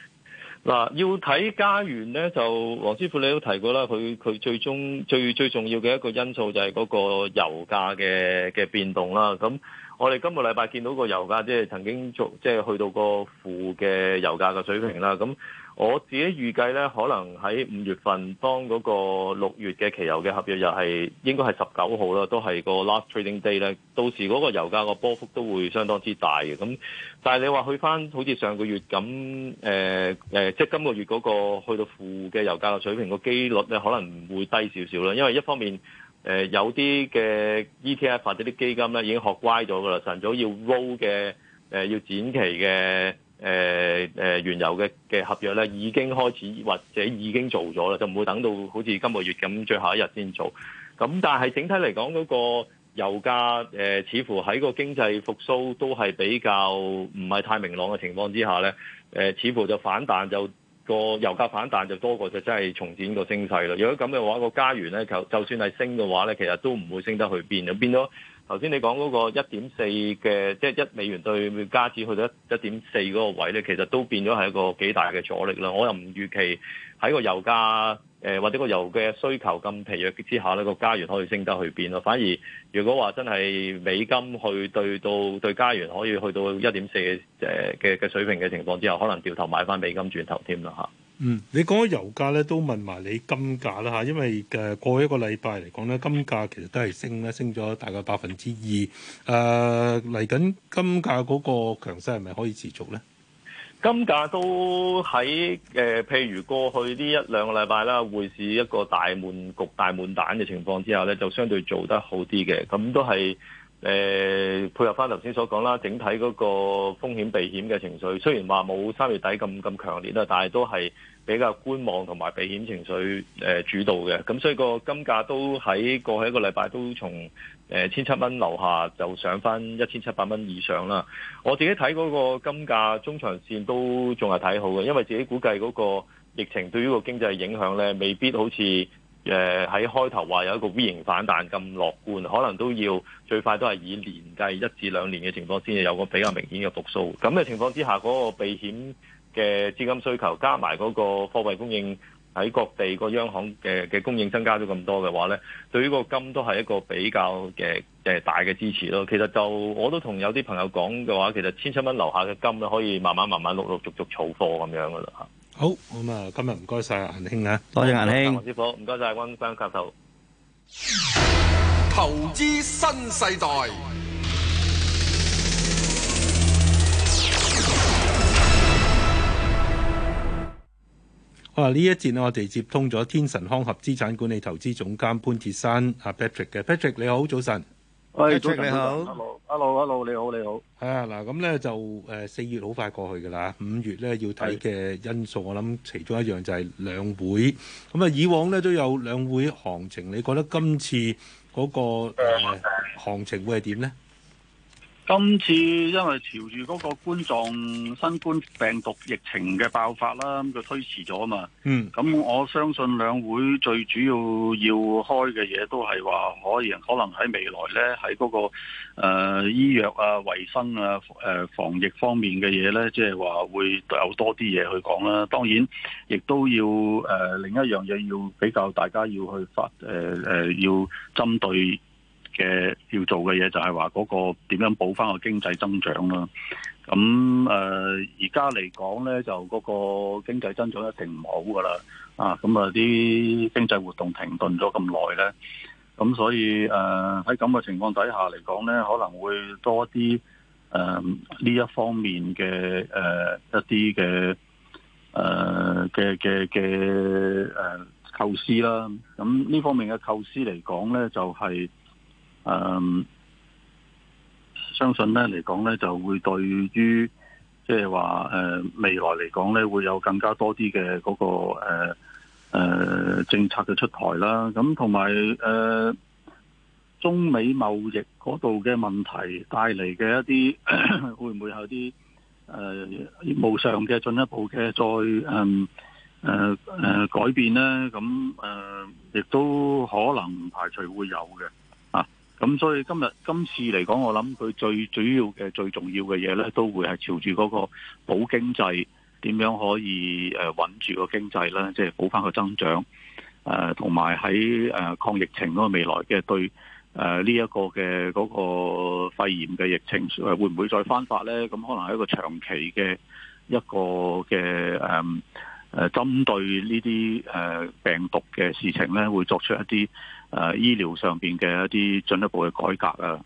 嗱，要睇加元咧，就黃師傅你都提過啦。佢佢最終最最重要嘅一個因素就係嗰個油價嘅嘅變動啦。咁我哋今個禮拜見到個油價，即係曾經做即係去到個負嘅油價嘅水平啦。咁我自己預計咧，可能喺五月份當嗰個六月嘅期油嘅合約又係應該係十九號啦，都係個 last trading day 咧。到時嗰個油價個波幅都會相當之大嘅。咁，但係你話去翻好似上個月咁，誒、呃、誒、呃，即係今個月嗰個去到負嘅油價嘅水平機率呢，個機率咧可能會低少少啦。因為一方面，誒、呃、有啲嘅 ETF 或者啲基金咧已經學乖咗㗎啦，晨早上要 roll 嘅，誒、呃、要展期嘅。誒誒、呃呃、原油嘅嘅合約咧已經開始或者已經做咗啦，就唔會等到好似今個月咁最後一日先做。咁但係整體嚟講，嗰、嗰個油價誒、呃、似乎喺個經濟復甦都係比較唔係太明朗嘅情況之下咧，誒、呃、似乎就反彈就個油價反彈就多過就真係重展個升勢啦。如果咁嘅話，個加元咧就就算係升嘅話咧，其實都唔會升得去邊，變咗。頭先你講嗰個一點四嘅，即係一美元對加元去到一一點四嗰個位咧，其實都變咗係一個幾大嘅阻力咯。我又唔預期喺個油價誒、呃、或者個油嘅需求咁疲弱之下咧，個加元可以升得去邊咯。反而如果話真係美金去對到對加元可以去到一點四嘅誒嘅嘅水平嘅情況之下，可能掉頭買翻美金轉頭添啦嚇。嗯，你講緊油價咧，都問埋你金價啦嚇，因為誒、呃、過一個禮拜嚟講咧，金價其實都係升咧，升咗大概百分之二。誒嚟緊金價嗰個強勢係咪可以持續咧？金價都喺誒、呃，譬如過去呢一兩個禮拜啦，匯市一個大滿局、大滿蛋嘅情況之下咧，就相對做得好啲嘅，咁都係。誒、呃、配合翻頭先所講啦，整體嗰個風險避險嘅情緒，雖然話冇三月底咁咁強烈啦，但係都係比較觀望同埋避險情緒，誒、呃、主導嘅。咁所以個金價都喺過去一個禮拜都從誒千七蚊樓下就上翻一千七百蚊以上啦。我自己睇嗰個金價中長線都仲係睇好嘅，因為自己估計嗰個疫情對於個經濟影響呢，未必好似。誒喺、呃、開頭話有一個 V 型反彈咁樂觀，可能都要最快都係以年計一至兩年嘅情況先至有個比較明顯嘅復甦。咁嘅情況之下，嗰、那個避險嘅資金需求加埋嗰個貨幣供應喺各地個央行嘅嘅供應增加咗咁多嘅話呢，對於個金都係一個比較嘅嘅、呃、大嘅支持咯。其實就我都同有啲朋友講嘅話，其實千七蚊樓下嘅金咧，可以慢慢慢慢陸陸續續儲貨咁樣噶啦。好咁啊！今日唔該晒，顏兄啊，多謝顏兄。黃師傅，唔該晒，溫生教授。投資新世代。好啦！呢一節呢，我哋接通咗天神康合資產管理投資總監潘鐵山阿 Patrick 嘅，Patrick，你好，早晨。喂，早晨 Okay, 你好，Hello，Hello，你好，你好，係啊，嗱，咁咧就誒，四月好快過去噶啦，五月咧要睇嘅因素，我諗其中一樣就係兩會，咁啊，以往咧都有兩會行情，你覺得今次嗰、嗰個誒、uh, 行情會係點咧？今次因為朝住嗰個冠狀新冠病毒疫情嘅爆發啦，咁佢推遲咗嘛。咁、嗯嗯、我相信兩會最主要要開嘅嘢，都係話可以可能喺未來呢，喺嗰、嗰個誒、呃、醫藥啊、衛生啊、誒、呃、防疫方面嘅嘢呢，即係話會有多啲嘢去講啦。當然，亦都要誒、呃、另一樣嘢要比較大家要去發誒誒、呃呃，要針對。嘅要做嘅嘢就係話嗰個點樣補翻個經濟增長啦，咁誒而家嚟講咧就嗰個經濟增長一定唔好噶啦，啊咁啊啲經濟活動停頓咗咁耐咧，咁所以誒喺咁嘅情況底下嚟講咧，可能會多啲誒呢一方面嘅誒一啲嘅誒嘅嘅嘅誒構思啦，咁呢方面嘅構思嚟講咧就係。誒、嗯，相信咧嚟講咧，就會對於即係話誒未來嚟講咧，會有更加多啲嘅嗰個誒誒、呃呃、政策嘅出台啦。咁同埋誒中美貿易嗰度嘅問題帶嚟嘅一啲， *coughs* 會唔會有啲誒業務上嘅進一步嘅再誒誒誒改變咧？咁誒亦都可能唔排除會有嘅。咁所以今日今次嚟講，我諗佢最主要嘅最重要嘅嘢咧，都會係朝住嗰個保經濟點樣可以誒穩住個經濟咧，即係保翻個增長誒，同埋喺誒抗疫情嗰個未來嘅對誒呢一個嘅嗰個肺炎嘅疫情，誒會唔會再翻發咧？咁可能係一個長期嘅一個嘅誒誒針對呢啲誒病毒嘅事情咧，會作出一啲。誒、啊、醫療上邊嘅一啲進一步嘅改革啊，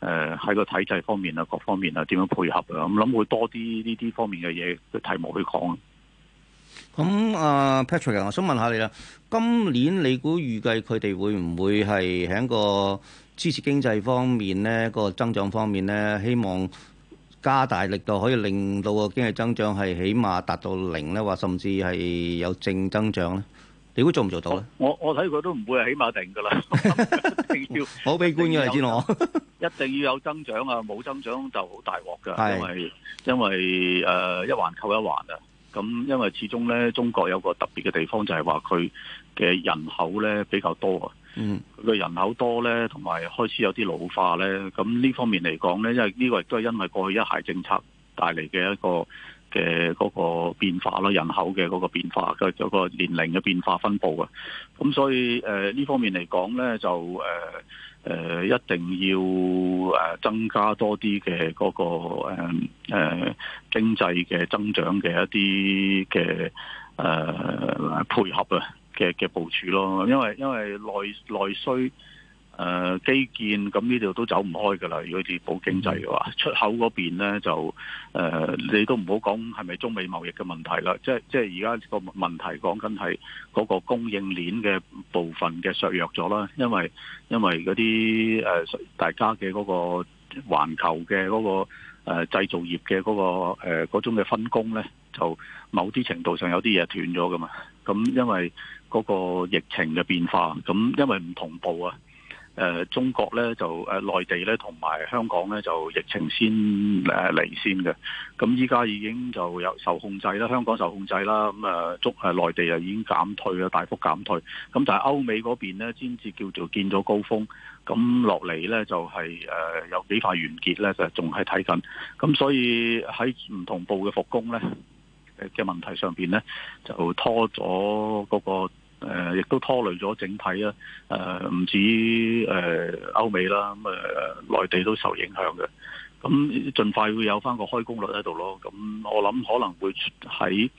誒、啊、喺個體制方面啊，各方面啊點樣配合啊？咁、嗯、諗會多啲呢啲方面嘅嘢嘅題目去講。咁、嗯、啊，Patrick，我想問下你啦，今年你估預計佢哋會唔會係喺個支持經濟方面呢？個增長方面呢，希望加大力度可以令到個經濟增長係起碼達到零呢，或甚至係有正增長呢？你估做唔做到咧？我我睇佢都唔會，起碼定噶啦。好 *laughs* 要 *laughs* 悲觀嘅你知我？一定， *laughs* 一定要有增長啊！冇增長就好大鑊噶，因為因為誒一環扣一環啊。咁因為始終咧，中國有個特別嘅地方就係話佢嘅人口咧比較多啊。佢人口多咧，同埋開始有啲老化咧。咁呢方面嚟講咧，因為呢個亦都係因為過去一孩政策帶嚟嘅一個。嘅嗰個變化咯，人口嘅嗰個變化，嘅嗰個年齡嘅變化分布啊，咁所以誒呢方面嚟講咧，就誒誒一定要誒增加多啲嘅嗰個誒誒經濟嘅增長嘅一啲嘅誒配合啊嘅嘅部署咯，因為因為內內需。誒，基建咁呢度都走唔開噶啦，如果以保經濟嘅話，出口嗰邊呢就誒，你都唔好講係咪中美貿易嘅問題啦，即係即係而家個問題講緊係嗰個供應鏈嘅部分嘅削弱咗啦，因為因為嗰啲誒大家嘅嗰個環球嘅嗰個誒製造業嘅嗰個誒嗰種嘅分工呢，就某啲程度上有啲嘢斷咗噶嘛，咁因為嗰個疫情嘅變化，咁因為唔同步啊。誒、呃、中國咧就誒、呃、內地咧同埋香港咧就疫情先誒嚟、呃、先嘅，咁依家已經就有受控制啦，香港受控制啦，咁誒捉誒內地就已經減退啦，大幅減退。咁但係歐美嗰邊咧，先至叫做見咗高峰，咁落嚟咧就係、是、誒、呃、有幾塊完結咧，就仲係睇緊。咁所以喺唔同步嘅復工咧嘅問題上邊咧，就拖咗嗰、那個。誒，亦、呃、都拖累咗整體啊！誒、呃，唔止誒歐、呃、美啦，咁誒內地都受影響嘅。咁盡快會有翻個開工率喺度咯。咁我諗可能會喺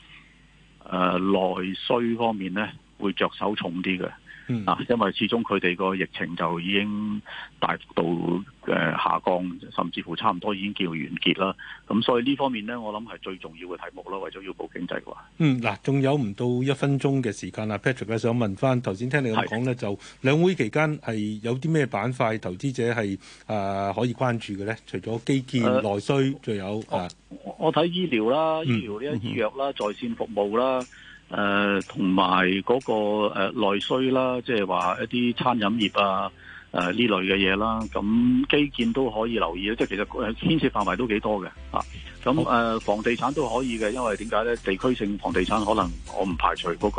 誒內需方面咧，會着手重啲嘅。嗯，嗱，因為始終佢哋個疫情就已經大幅度誒下降，甚至乎差唔多已經叫完結啦。咁所以呢方面咧，我諗係最重要嘅題目啦。為咗要保經濟嘅話，嗯，嗱，仲有唔到一分鐘嘅時間啦。Patrick，想問翻頭先聽你咁講咧，的就兩會期間係有啲咩板塊投資者係誒、uh, 可以關注嘅咧？除咗基建、內、呃、需，仲有啊、uh,？我睇醫療啦，嗯嗯、醫療呢啲醫藥啦，在線服務啦。誒，同埋嗰個誒內、呃、需啦，即係話一啲餐飲業啊，誒、呃、呢類嘅嘢啦，咁、啊、基建都可以留意，即係、就是、其實牽涉範圍都幾多嘅啊。咁誒好、呃，房地產都可以嘅，因為點解咧？地區性房地產可能我唔排除嗰、那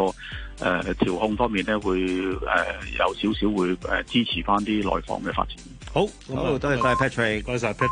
個誒調、呃、控方面咧，會誒、呃、有少少會誒支持翻啲內房嘅發展。好，咁、啊、多謝 Patrick，多謝 Patrick。